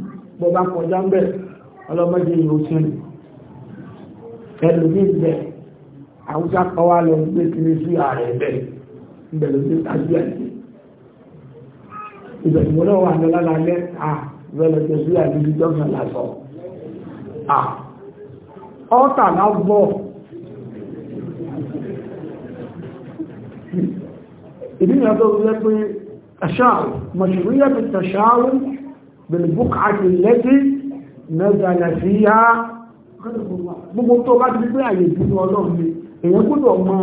bọ́bá kọjá ń bẹ̀ ọlọ́mọdé yóò ṣe rẹ̀ ẹlù ní ìbẹ̀ àwùjá kọwà lọ gbé kiri sí ààrẹ ẹ̀bẹ̀ ìbẹ̀lẹ̀ ní àjú ẹ̀sìn ìbẹ̀lẹ̀ mọ́lọ́ wà ní lálálẹ́ àbẹ̀lẹ̀ tó sí àdúgbò jọ́sàn lásọ ọ́tà lábọ̀ ìdí ìyàtọ̀ wílẹ́ pé ẹ̀ṣáà mọ̀ṣùrúyẹ́ mi tẹ̀ṣáà بالبقعة التي نزل فيها gbogbo tó bá ti di pé àyè ìdúró ọlọ́run ni èèyàn gbọ́dọ̀ mọ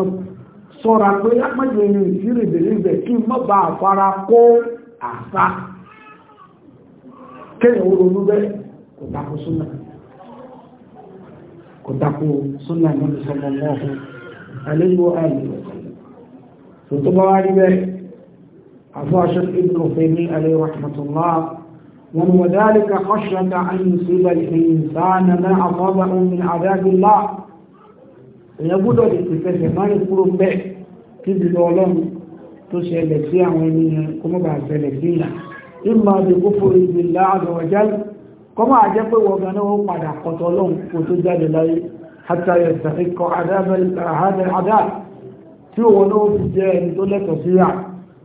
sọ́ra pé lápẹ́jọ ẹni ìsírí ìbèrèbè kí n mọ́ bá àfara kó àṣà kéèyàn ó ronú bẹ́ẹ̀ kò tako súnà kò tako súnà ní ìsọmọ mọ́ ọ̀hún àlejò àìlè tó tó bá wá rí bẹ́ẹ̀ وذلك خشية أن يصيب الإنسان ما أصابه من عذاب الله ìyẹ́gbọ́dọ̀ lè ti fẹsẹ̀ máa ń kúrò bẹ́ẹ̀ kí bìlọ ọlọ́run tó ṣẹlẹ̀ sí àwọn ènìyàn kó mọ́ bá ṣẹlẹ̀ sí ìyà ìmọ̀ àti kófò ìgbìlá àdọ̀wọ̀já kọ́ máa jẹ́ pé wọ̀gán náà ó padà kọ̀tọ̀ ọlọ́run kò tó jáde láyé àtàyẹ̀ ìsàfikọ̀ àdáàbẹ̀ àdáà tí òun náà fi jẹ́ ẹni tó lẹ́tọ̀ọ́ sí yà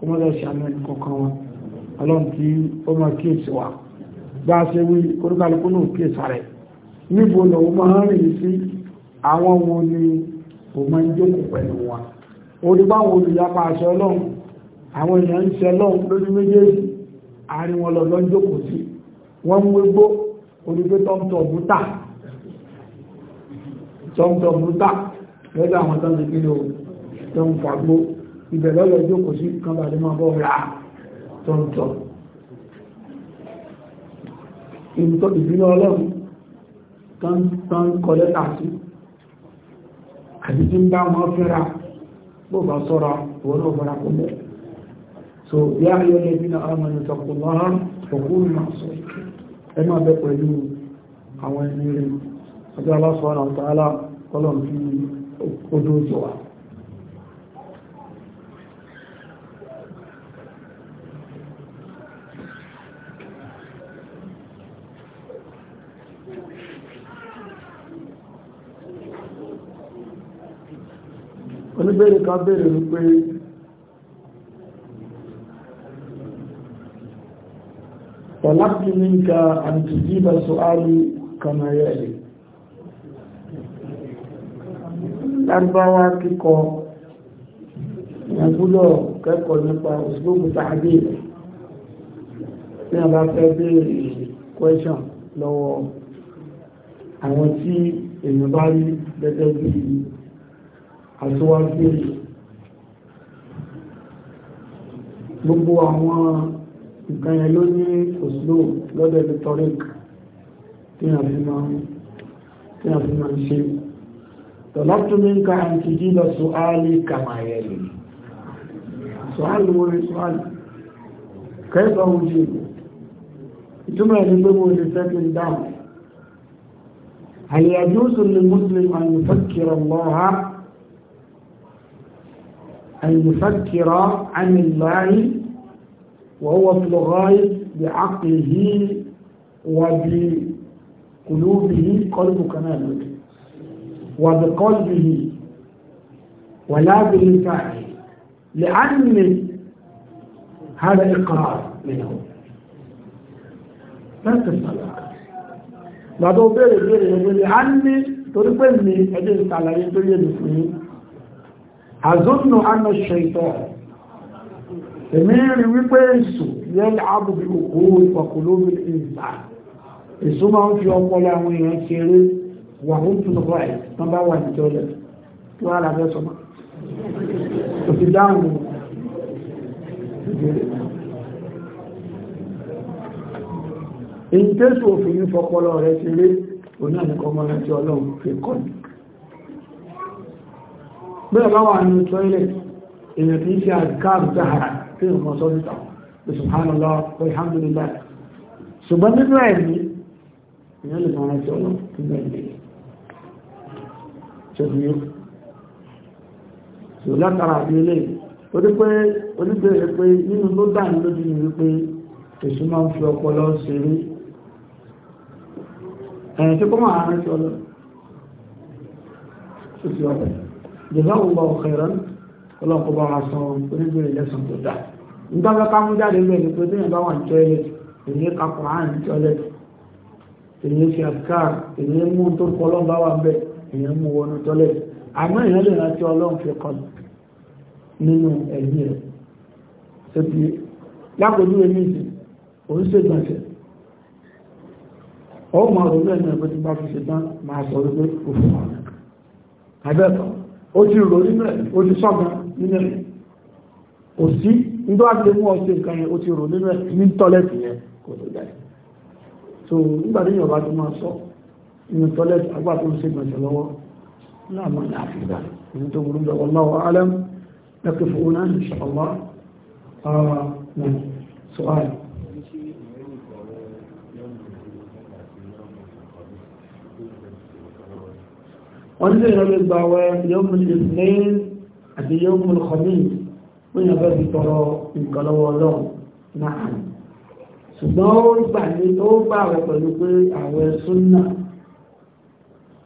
kó mọ́ lọ́ọ́ ṣàánú ẹni kọ̀ọ̀kan wọn ọlọ́run tí ó máa kíyèsí wa bá a ṣe wí oníkàlùkù náà kíyèsí rẹ̀ níbo lọ ó máa ń rìn sí àwọn wo ni ó máa ń jókòó pẹ̀lú wa orí báwọn olùyapa àṣẹ ọlọ́run àwọn èèyàn ń ṣe ọlọ́run lójú méjèèjì àárín wọn lọ lọ ń jókòó sí wọ́n ń wégbó onígbé tọ́mtọ̀mù tà tọ́mtọ̀mù lọ́dọ̀ àwọn tọ́mtọ̀mù tó ń fagbó ibẹ̀ lọ́lọ́ ìjókòó sí kan bàdé máa bọ́ ra tọ́ntọ́ ìbínú ọlọ́run tán kọ lẹ́tà sí àti tí ń bá wọn fẹ́ra bó bá sọ́ra wọ́n náà fara kó mẹ́ so yá ayọ́ lẹ́bí na ọmọ ìtọ̀kù lọ́rọ̀ òkúrù máa sọ ẹ máa bẹ pẹ̀lú àwọn ẹni rẹ̀ ọjọ́ aláṣọ́ ọ̀nà ọ̀tọ̀ alá kọlọ̀ fi ojú ìjọwà oníbèrè kan béèrè wípé tọ́lápì ní ka àmìtìjì bá sọ́árì kàmáyẹ̀lẹ̀ lárúbáwá kíkọ ìyàgbúlọ̀ kẹ́kọ̀ọ́ nípa òṣìlógún tàbí ní àbá fẹ́ béèrè question lọ́wọ́ àwọn tí èèyàn bá rí gẹ́gẹ́ bí i aṣíwájú èyí gbogbo àwọn nǹkan yẹn ló ní òṣìlò lọ́dẹ̀ rhetoric tí a fi máa ń ṣe tọ̀lọ́túnmí nǹkan àti jí lọ sọ́álì kàmàyẹ̀lì sọ́álì wọ́n rí sọ́álì kẹ́ẹ̀kọ́ ojú ìtumọ̀ ẹni pé mo lè sẹ́kìn dáhùn àyàjúsùn lè muslim àyùfẹ́kìrọ̀ lọ́ha أن يفكر عن الله وهو في الغاية بعقله وبقلوبه قلبه كمان وبقلبه ولا بلسانه لأن هذا إقرار منه لا تسمع gbàdọ̀ bẹ̀rẹ̀ يقول lọ́gbẹ̀rẹ̀ تقول لي torí pé ní ẹjọ́ ìsàlàyé àzọ́nà àna ṣẹ̀tọ̀ èmi rí wípé èsù yẹ́lẹ̀ àbùbí òkú ìpàkùlómi ìgbà èsù máa ń fi ọpọlọ àwọn èèyàn kéré wà ó tún lọ ẹ̀ tán bá wà ní tọ́lẹ̀ tó tí ọlọ́run bẹ́ẹ̀ bá ní toilet èèyàn kì í ṣe àdìkáàrù dáhàrà tí ó mọ̀ sọ́dún tàwọn bí subhanallah wa alhamdulillah ṣùgbọ́n nínú ẹ̀mí èèyàn lè mọ̀ rántí ọlọ́ nínú ẹ̀mí ṣẹ́bíyó ṣò látara àbí ilé onípe oníbèrè pé nínú ló ni wípé èṣù máa ń fi ọpọlọ ṣeré ẹ̀yìn tí kò máa rántí ọlọ́ jazakumullahu khairan ọlọ́pọ̀ bá wa sọ oníbèrè lẹ́sàn tó dá nígbàgbọ́ ká mú jáde lóye pé bí yẹn bá wà ní toilet èyí ká Kùránì ní toilet èyí fi àkàr èyí mú tó kọ́ ọlọ́run bá wà bẹ́ẹ̀ èyí mú wọnú toilet àmọ́ èyí lè rántí ọlọ́run fi kọ́ nínú ẹ̀yìn rẹ̀ sẹ́bi lápòjú ẹni ìsìn òun ṣègbọ̀nsẹ̀ ọ̀hún máa rò lẹ́nu ẹ̀gbẹ́ tí bá fi ṣe tán máa sọ wípé òfin àbẹ́ẹ̀kọ́ ó ti rò nínú ẹ̀ ó ti sọ́gbà nínú ẹ̀ kò sí nígbà wá sílé mú ọ̀sẹ̀ nǹkan yẹn ó ti rò nínú ẹ̀ ní tọ́lẹ̀tì yẹn kò tó jáde so nígbà tí yorùbá ti máa sọ nínú tọ́lẹ̀tì agbá tó ń ṣe gbọ̀nsẹ̀ lọ́wọ́ láàmú ní àfíìgbà ní tó burú lọ́wọ́ lọ́wọ́ alẹ́m lẹ́kẹ̀ẹ́ fún un náà ní ṣọ̀lá sọ́ọ̀lá wọ́n nílé ìrọ̀lẹ́ gba ọwẹ́ yọ́mùn ìsìnlẹ́yìn àti yọ́mùn kọ̀mí wọ́n yàn bẹ́ẹ̀ fi tọrọ nǹkan lọ́wọ́ ọlọ́run náà ṣùgbọ́n ó gbà ní ó gbà rẹ̀ pẹ̀lú pé àwẹ̀ súnà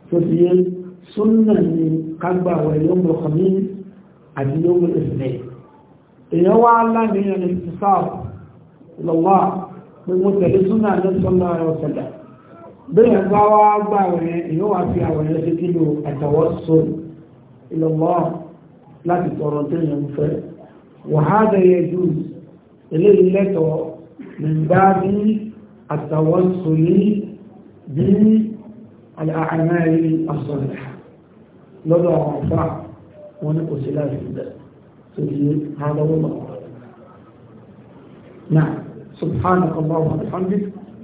tó ti yé súnà ni kágbà àwẹ̀ yọ́mùn kọ̀mí àti yọ́mùn ìsìnlẹ́yìn èèyàn wá láàrin ẹni ti sáà lọ́wọ́ pé mo tẹ̀lé súnà ní ọ̀sẹ̀dà bẹ́ẹ̀ bá wá gbà wẹ̀yẹn èyí wà fi àwẹ̀yẹ sí kí lo àtàwọ́sùn ìlọ́mọ́ láti tọrọ tẹ́yàn ń fẹ́ wàhádà yẹ jù eléyìí lẹ́tọ̀ nígbà bí àtàwọ́sùn ní bí àlàáhàmáyé àsọ̀rẹ̀ lọ́dọ̀ àwọn afá wọn ni kò sí láti bẹ̀ tó di hádọ́wọ́ lọ́wọ́ náà subhanahu wa ta'ala